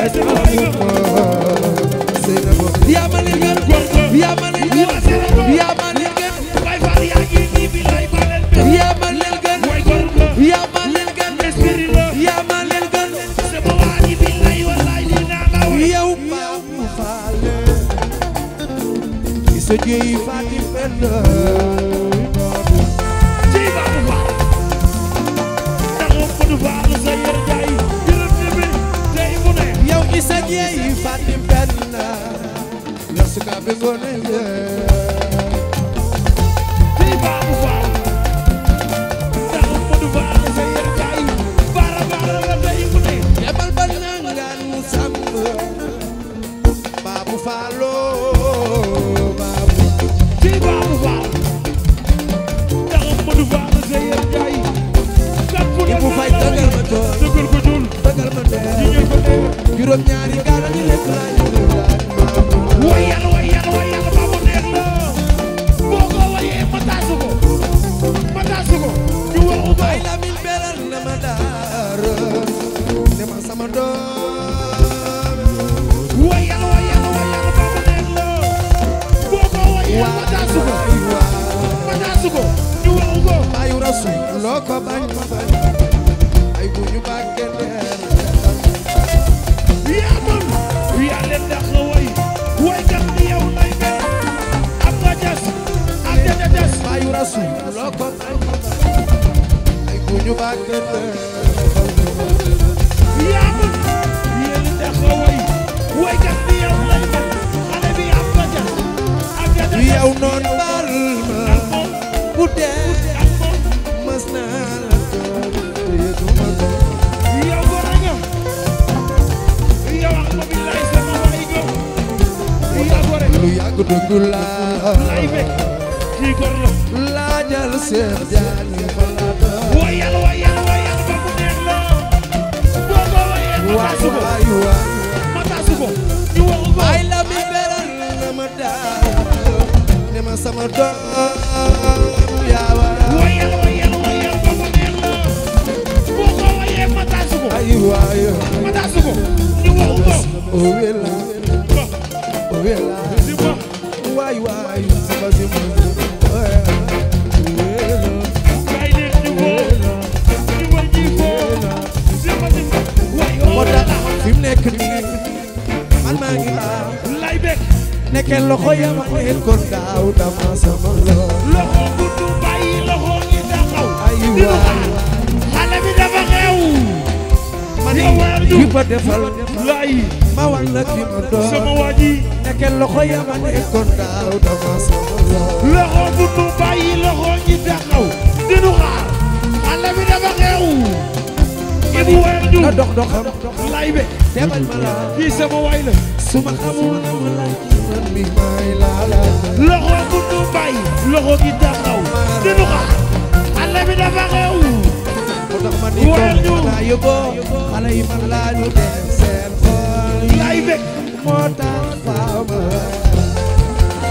Sëñ yi fàttali fenn Seigneur, il va te perdre. Lorsqu'à besoin de juróom ñaari gaal ñu lépp laay wayal wayal wayal ba mu neex la boo ko wayee ma taasu ko ma taasu ko ñu waxu ko ay lamin belal na ma daar ne ma sama doom wayal wayal wayal ba mu neex la boo ko wayee ma taasu ko ma taasu ko ñu waxu ko ayu rasul loo ko bañ ñu màggal yaa mën yéen a taxaw way waykat bi yow lay def xale bi am na jar ak ja yow noonu baal ma bu dee mas naa la doon yëguma ko yow góor a ñëw yow ak ma billaay sama waay ñëw yow góor a ñëw lu yàgg dëgg laa lay bekk kii góor la laajal seen jaar subo mata subo ñu wax ko ay la mi beral na ma daaw ne ma sama doom yaa war wayal wayal wayal ba mu neex la boo ko wayee mata subo ay waay mata subo ñu wax ko o wela o wela waay waay sama fi mu nekk nii man maa ngi daaw lay bekk nekkee loxo ya ma neen kon daaw dama sama loxo loxo gudd bàyyi loxo ngi taxaw ay waay xale bi dafa xew man yi ba defal lay ma wan la ki ma doon sama waa ji nekkee loxo ya ma neen kon daaw dama sama loxo loxo gudd bàyyi loxo ngi taxaw dinu xaar xale bi dafa xew ibu weer ju na dox doxam baby demal ma la kii sama waay la suma xamoon ma la kii man mi may la la loxo bu du bay loxo gi taxaw dinu xa xale bi dafa xew mu tax ma ni ko la yóbbu xale yi man la ñu dem seen xol yaay bég moo tax faama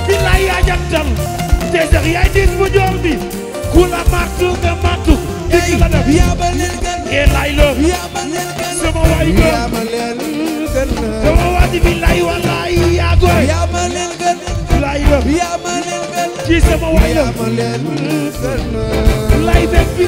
bilaay yaa jantal te sax yaay diis bu joor bi ku la mattu nga mattu yaa ba leen gën yaa ba leen sama waay gën yaa ma leen gën sama waay billaay wallaay yaa ma leen gën billaay yaa ma la hélas bi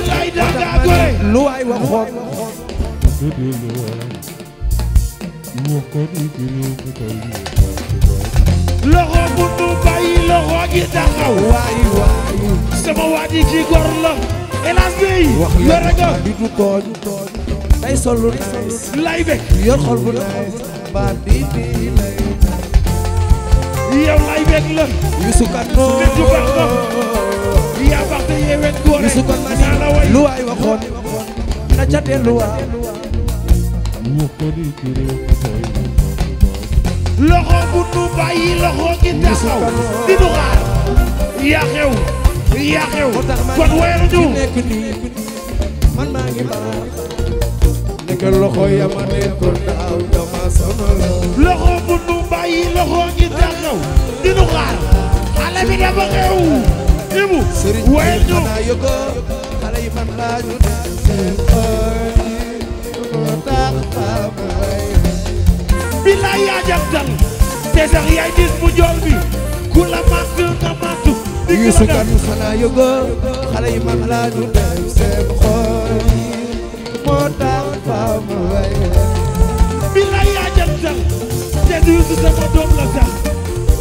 wax yaay solu nice lay bég yor xol bu nice baat bi bi lay yow lay bég la Youssou Kat noo dëgg baax na yaa baax te yee wet góor Youssou Kat naa la way lu waay waxoon na ca dellu waa loxo bu nu bàyyi loxo gi taxaw di nu xaar yaa xew yaa xew kon wayal ñu man maa ngi baax que loxo yama nekkoon daaw dama sonal loxo bu nu bàyyi loxo ngi taxaw di nu xaar xale bi dafa xew ibu waaye ñu xale yi man laa ñu te sax yaay dis bu jool ku la màkk nga màkk yu su kan xanaa Seydou su sama doom la sax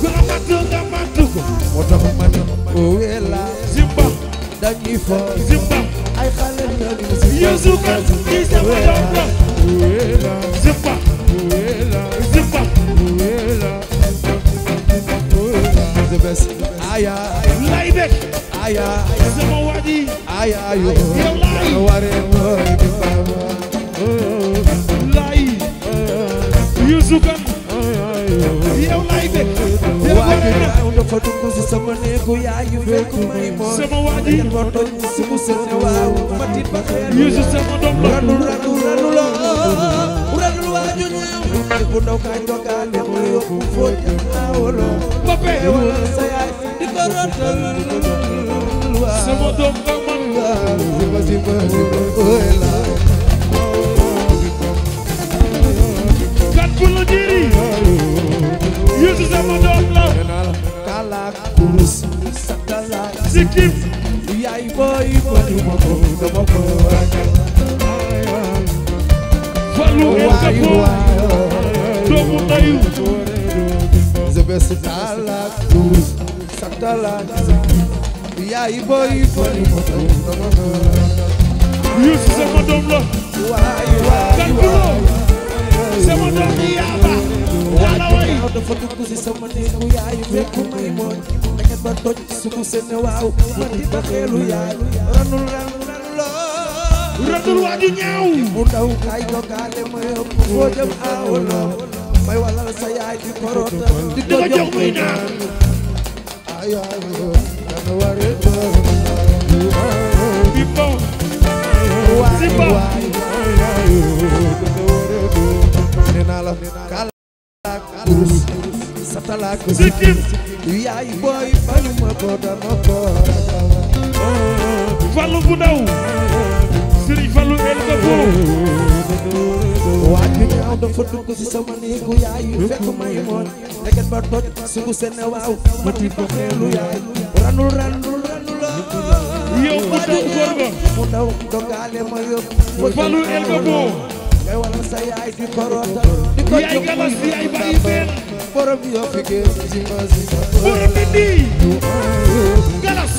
ku amat nga mat moo tax ma ne ko wela oh, Zimba dañuy fo Zimba ay xale oh, la oh, Yesu ka ci sama doom la wela Zimba wela Zimba wela the best aya lay bek aya sama wadi aya yo yow waré moy di fama lay Yesu kan yow lay bëgg waajur daaw dafa dugg si sama néegu yaayu fekk may moom sama waaji ma toj si mu sën waaw ma tiit ba xeer Yuusu sama doom la ranu ranu ranu loo ranul waaju ñaaw bu ndaw kañ dogaale mu yóbbu foo jaawloo ba peewal sa yaay di ko rotal sama doom nga man sima sima sima kat bu la miss satellite sikkim yaay boy fadu mako dama ko ragal falu en ko doomu dayu the best satellite blues satellite yaay boy fadu mako dama ko yus sama doom la waay waay sama doom yaaba wala way dafa dugg ci sama néegu yaay fekk may mooy ba toj suku seen waaw ma di ba xeelu yaay ranul ran ran loo ranul waa ju ñaaw mu daw kay dogaale ma yóbbu foo jëm aawloo may walal sa yaay di korota di ko jox muy naan ayaayo dana ware bi bon si bon ayaayo dana ware nee naa la kalaak kurus sa talaak sikkim yaay booy falu ma ko dama ko falu bu ndaw sëriñ falu el ka foo waa ginnaaw dafa dugg ci sama néegu yaay yu fekk may moon ndeket ba toj sugu sene waaw ma tiit ko xeelu ranul ranul ranul yow mu daw góor ga mu daw ma yóbbu falu el sa yaay di ko di ko jox yaay galas yaay bàyyi benn borom yoo fi galas.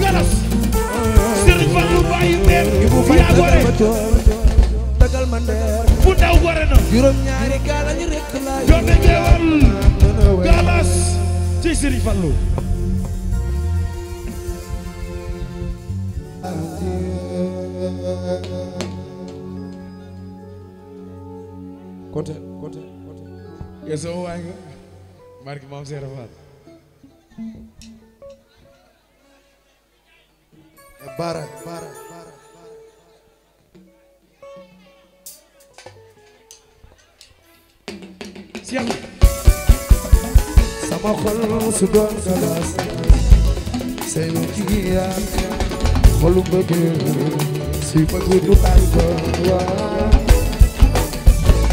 galas. Serigne Fallou bàyyi meen. yaa gore. dagal ma bu ndaw gore na. juróom ñaari gaala ñu rek laa. joxe jéewal. galas. ci Serigne Fallou. yow sama waay nga barki maam Seera Faal bara bara bara siam sama xol su doon galas say lu kiyaan xolu bëggeel suy bëgg du ànd ko waa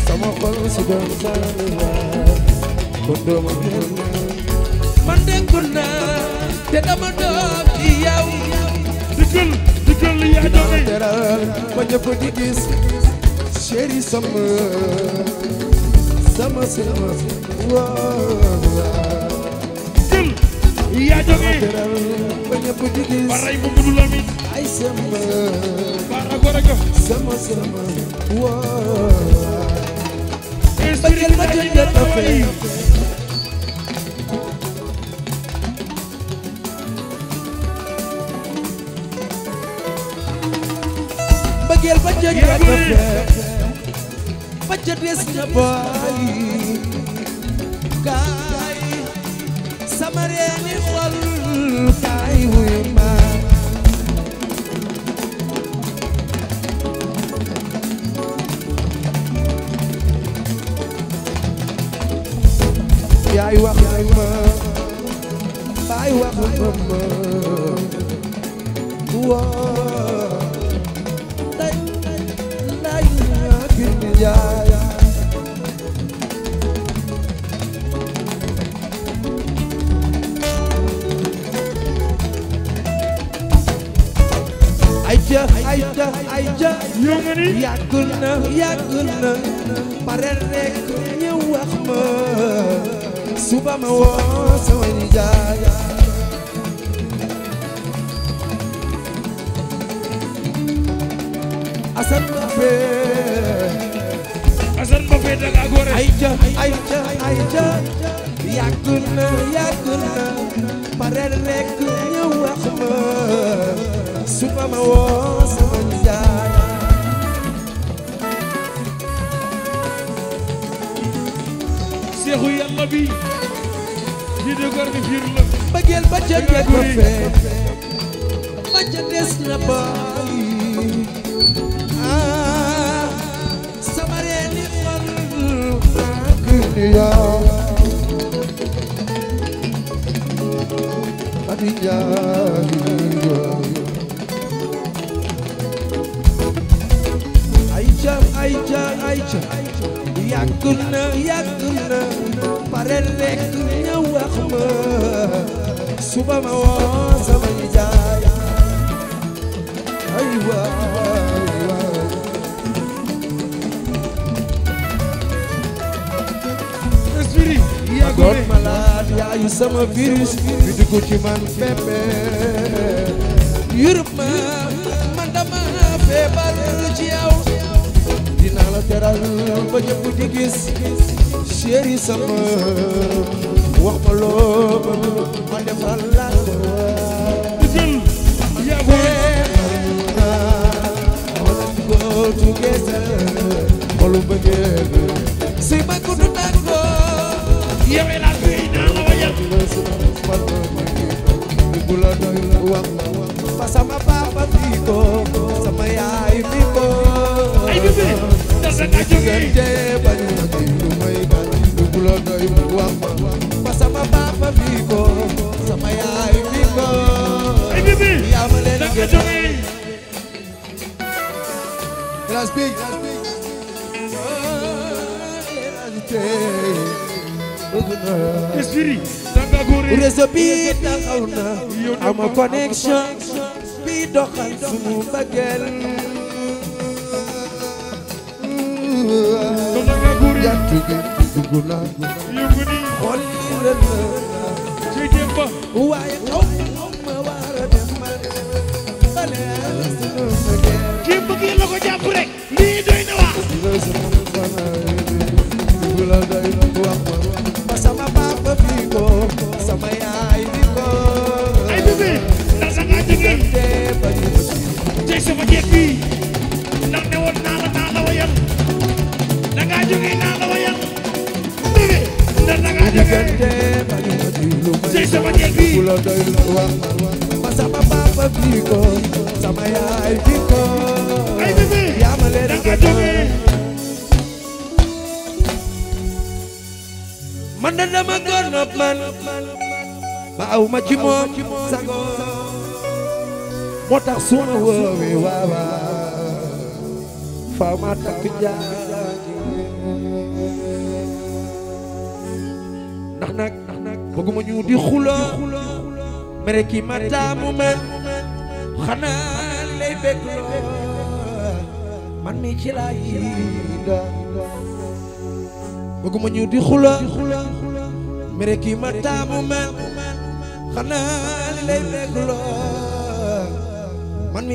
sama xol su doon galas kon doomu réew man déggu naa te dama doom ci yow dikkal dikkal li yaa doon teral ma ñëpp di gis chéri sama sama sama waaw yaa jógee ba ñëpp di gis baray bu gudd la mi ay sama bara gora go sama sama waaw kaay sama reeni xol kaay wuyu yaay wax ma baay wax ma ma woo day day yaa bind yaay ayca ayca ayca yàgg na yàgg na pare rek ñu wax ma suba ma woo sama nijaay Assane Mbappé Assane Mbappé daga gore ayca ayca ayca yàgg na yàgg na pare rekk ñëw wax ma suba ma woo sama nijaay Seexu Yàlla bi jiite góor gi fiir la mbëggeel ba ca njëkk ba fee ba ca des na bàyyi ah sama reen yi xol ak dunya Khadija ay ca ay ca ay ca yàgg na yàgg na pare lekk ñëw wax ma suba ma woo sama nijaay ay waaw esprit yaa doon malade yaayu sama virus bi dugg ci man bébé yërëm ma man dama feebar ci yow dinaa la teral ba ñëpp di gis chéri sama wax ma loo bëgg ma defal la xolu bëggee si ma gudd tàngo yow la kuy naa la yal di bu la doy la wax ma sama papa fii ko sama yaay fii ko ay bébé da sa ka jógee Get to me. Can I speak? Can I speak? Esprit Tangagore réseau bi taxaw na ama connexion bi doxal sumu mbëggeel Tangagore jàpp gi dugg naa xool leen na waaye diggante ci sama néeg bi ku sama papa bi ko sama yaay bi ko ma leen di ba aw ma ci moom sago moo tax su ma woowee bëgguma ñu di xuloo mere ki ma taamu man xanaa lay di xuloo mere xanaa lay bégloo man mi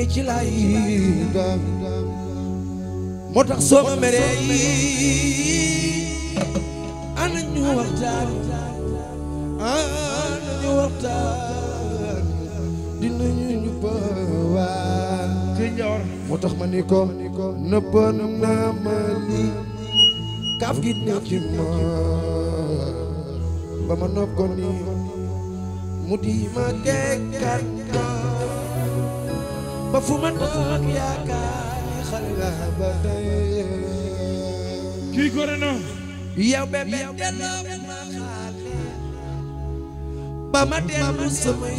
ci laa moo tax soo tax ma ni ko nëbboon naa ma ni kaaf gi ne ci ma ba ma nopp ko ni mu di ma kekkat ba fu ma toog yaakaar ni xale nga ba tey kii gore na yow bébé delloo ma xaale ba ma dellu sama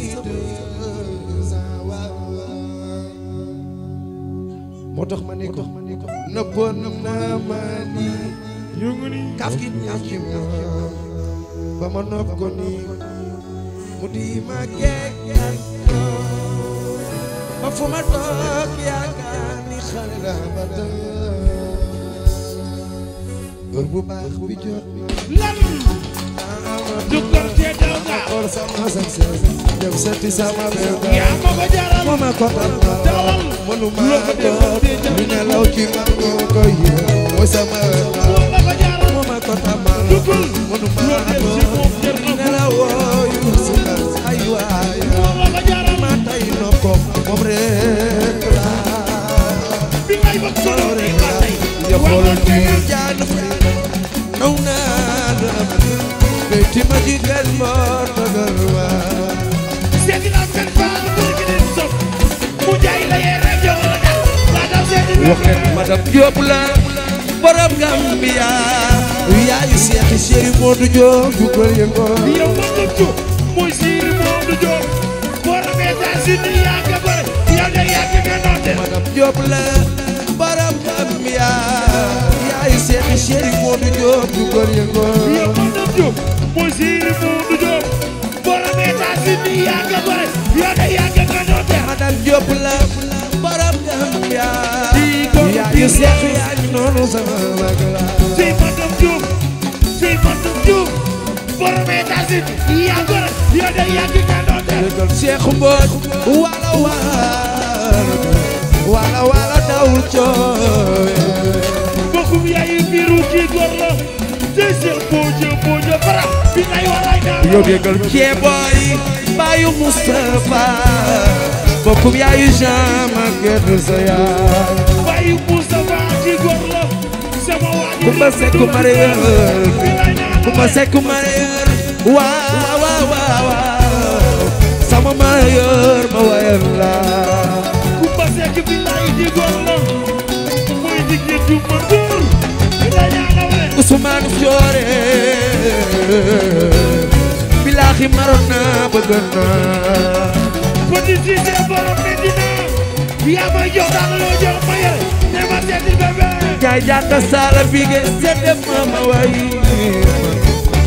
moo tax ma ne ko nëppoon naa ma ni yëngu ni kaaf gi kaaf gi ba ma nopp ko nii mu di ma geeg yaakaar ba fu ma toog yaakaar ni xale la ba tey heure bu baax bi jot lan. jaral sama sañse dem seeti sama bébé yaa ma ko jaral moo ma ko jaral mënu ma ko lu nelaw ci man moo koy yéen mooy sama bébé moo ma ko tamal mënu ma ko lu nelaw yu sukkal ay waay ma tay noppam moom rek la bi ngay bëgg solo rek la tay ya xoolal ci jaanu naw naa la béyti ma jigéen mboor wax leen madame Diop la borom Gambia yaayu seeti Chéri Modou Diop bu ko yëngoo yow Modou Diop mooy la borom Gambia yaayu seeti Chéri Modou Diop bu ko yëngoo yow Modou Diop mooy Chéri Modou Diop boo demee États-Unis yaa nga bëri yow de yaa ngi nga noote madame Diop la borom Gambia yu seet yaa ngi noonu sama la suy Fanta Diouf wala wala wala dawul cooy. mbokkum yaayu biiru la deuxième Mbodj Mbodj Fara bi lay walay naa. yow déggal cee booy baayu Moustapha mbokkum yaayu Jean Kumba Sekk ma la yor Kumba Sekk ma la yor waaw waaw waaw sama ma la yor ma wayal la Kumba Sekk bi lay di góor la mooy jigéen ju ma góor Ousmane Joore bilaahi maroon naa bëgg naa petit Cissé borom Medina yaa may jox daan loo jox mayal ne ma seeti caay jàkka saala bige sedde mama way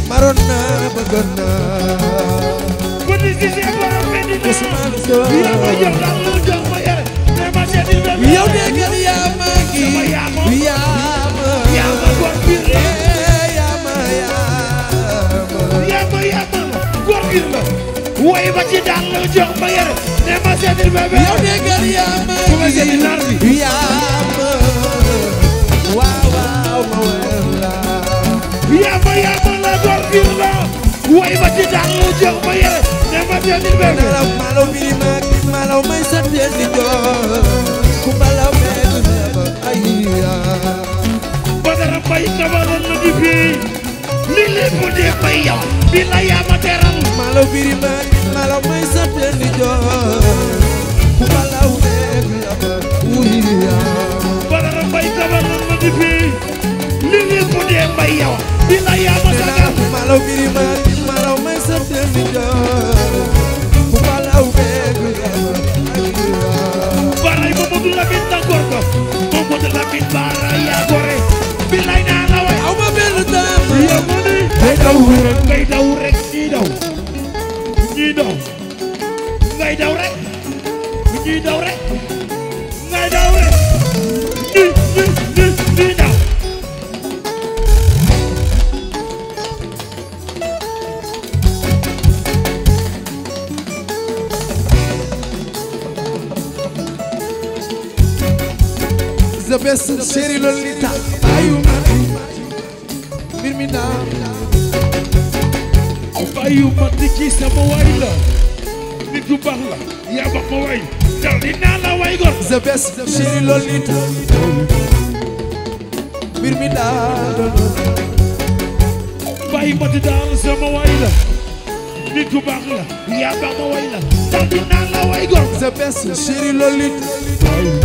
maroon naa bëggoon naa guddi si si borom Medina yaa ma jox la lu jox ma yere ne ma seddi bebe yow déggal yaa ma ngi yaa ma yaa ma góor biir la eh, yaa ma yaa ma yaa ma góor biir la woy ba ci daan lu jox ma yere ne ma seddi bebe yow déggal yaa ma ngi yaa ma ma wér la yamba yamba la door biir la way ma ci daan lu jeex ma yere ne ma te ni ber nelaw malaw mi ma gis malaw may sa teel di joor ku malaw mee du neeba ay yaa ba dara bay kabaroon na di fii li lépp de bay yow bi la yaa ma teral malaw mi ma gis malaw may sa teel di joor ku malaw mee du neeba ay yaa mbay yow. dina yaa ma sagal. lig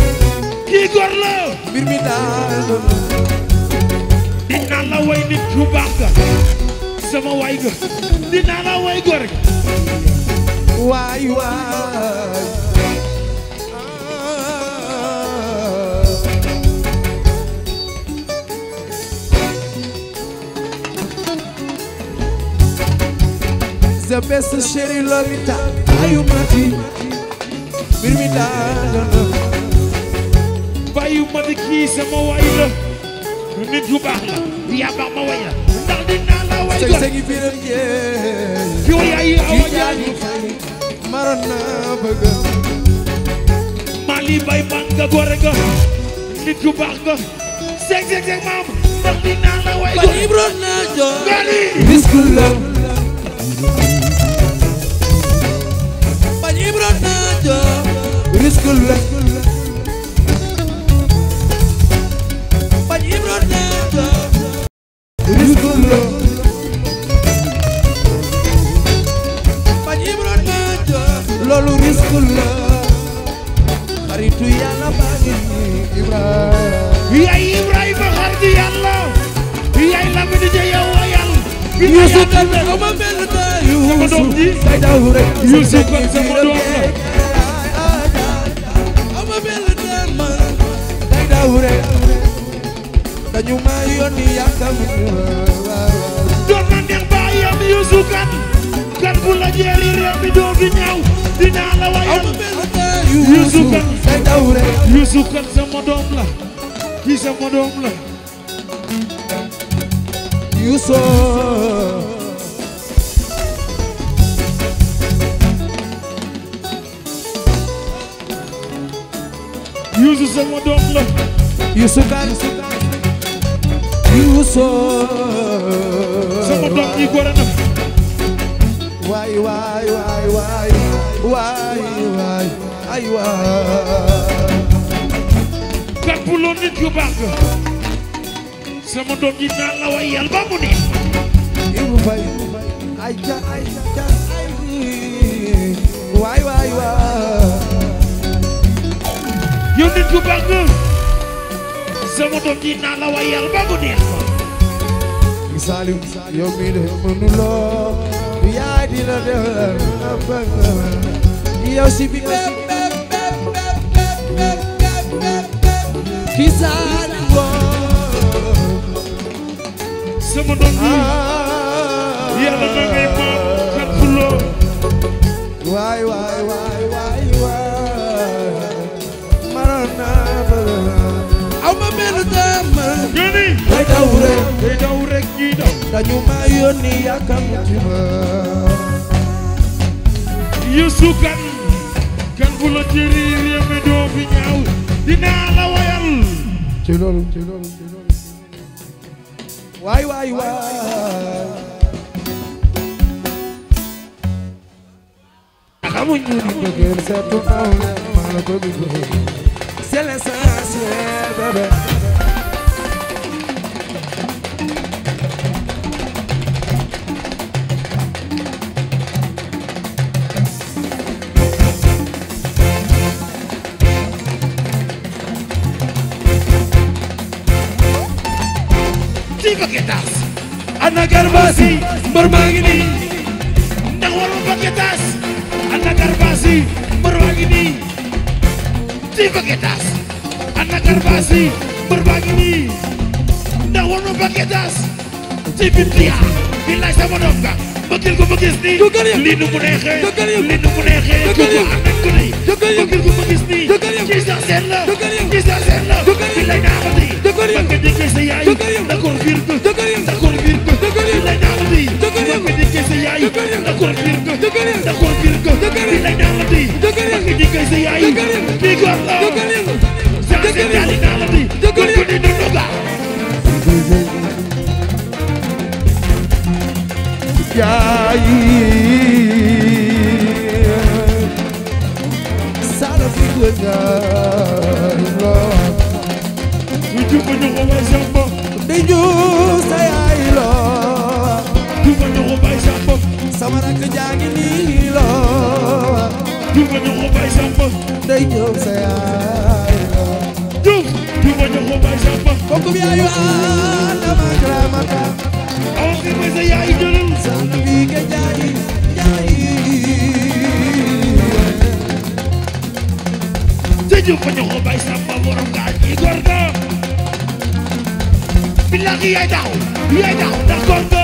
kii góor la mbir mi daal dinaa la way nit ku baax ga sama way ga dinaa la way góor ga waay waay ah. the best Sherry Lolita. Are you my mbir mi daal na bàyyi ma ne kii sama waay la nit yu baax la yaa baax ma waay la ndax dinaa la waay la sëñ biram jee yow yaa yi awa jaani maroon naa bëgg mali bay man nga gore nga nit yu baax nga sëñ sëñ sëñ maam ndax dinaa la waay la bay ibro naa jox bisimilah risque la buloon nit yu baax sama doom ji naan la way yàlla ba mu ne Ibou ay ja ay ja ay waay waay waay yow nit yu baax sama doom ji naan la way yàlla ba mu ne Salim yow mii de mënuloo yaay di la def la bëgg yow si bi bisaani woo sama ndongo yàlla na ngay ma xatuloo waay waay waay waay waay maroon naa ba aw ma benn dama ñooni day daw rek day daw rek ñuy daw dañu ma yónni yàkkam ci ma Yuusu kan kan bu la jëriñ réew mi doo fi ñaaw dinaa la wayal ci loolu ci loolu ci loolu waay waay waay xamuñu ni bëggeel seetu naw maa la ko bëggee c'est l'essentiel bébé garbaas yi mbër maa ngi nii ndax warul bëgg taas ana garbaas yi mbër maa ngi nii di bëgg taas ana garbaas yi mbër maa ngi nii ndax warul bëgg taas ci bindiya bi laaj sama doom nga bëggil ko ma gis nii lii nu mu neexee lii nu mu neexee ku ko am nañ ko nii bëggil ko ma gis nii kii sax seen la kii sax seen la bi laaj naa ko nii bëgg di gis sa yaay d'accord biir ko d'accord biir ko Sayailo ma joxu bay sampo sama rakk jaa ngi nii la du ma joxu bay sampo day ñëw sa yaay la du du ma joxu bay sampo kooku bi ayu Adama Kramata aw nga ma sa yaay jëlal sant bi nga jaay jaay jëjëf ma joxu bay sampo borom gaa ji góor ga billahi yaay taxaw yaay taxaw ndax góor ga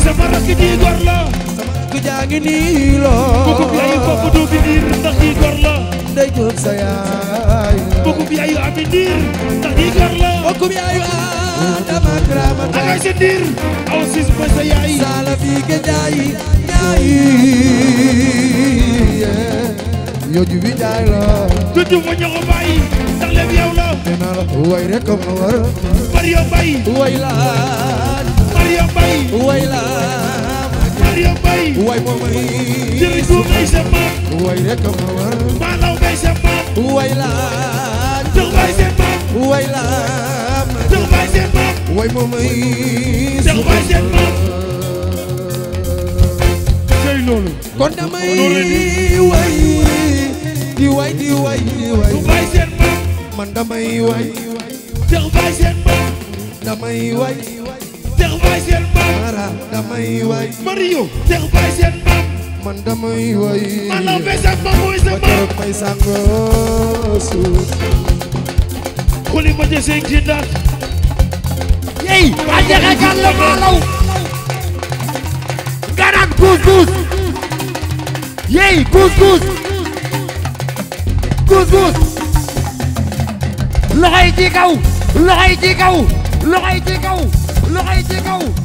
sama rakk ji gor la sama rakk jaa ngi nii loo bugub yaayu foofu bi niir ndax ji gor la day jóg sa yaay bugub yaayu ami niir ndax ji gor la Adama ak Ramata akay sa niir aw sis sa yaay fi ke jaay jaay yooju bi jaay la naa la way rek ma war bari yow bay way la Maria Bay way la Maria Bay way mo may jëri ko may sa maam way rek ma war balaw bay sa maam way la jox bay way la jox bay sa way mo may jox bay sa maam sey damay way di way di way di way man damay way jox bay sa maam damay way bay seen maam damay way Mario Cheikh bay seen maam man damay way man la besak ma mooy sa maam may sango suuf xuli ma jësee gindaat yey a jexe kan la maa law ganak guus guus yey guus guus guus guus loxoy ci kaw loxoy ci kaw kaw loxo yi ci kaw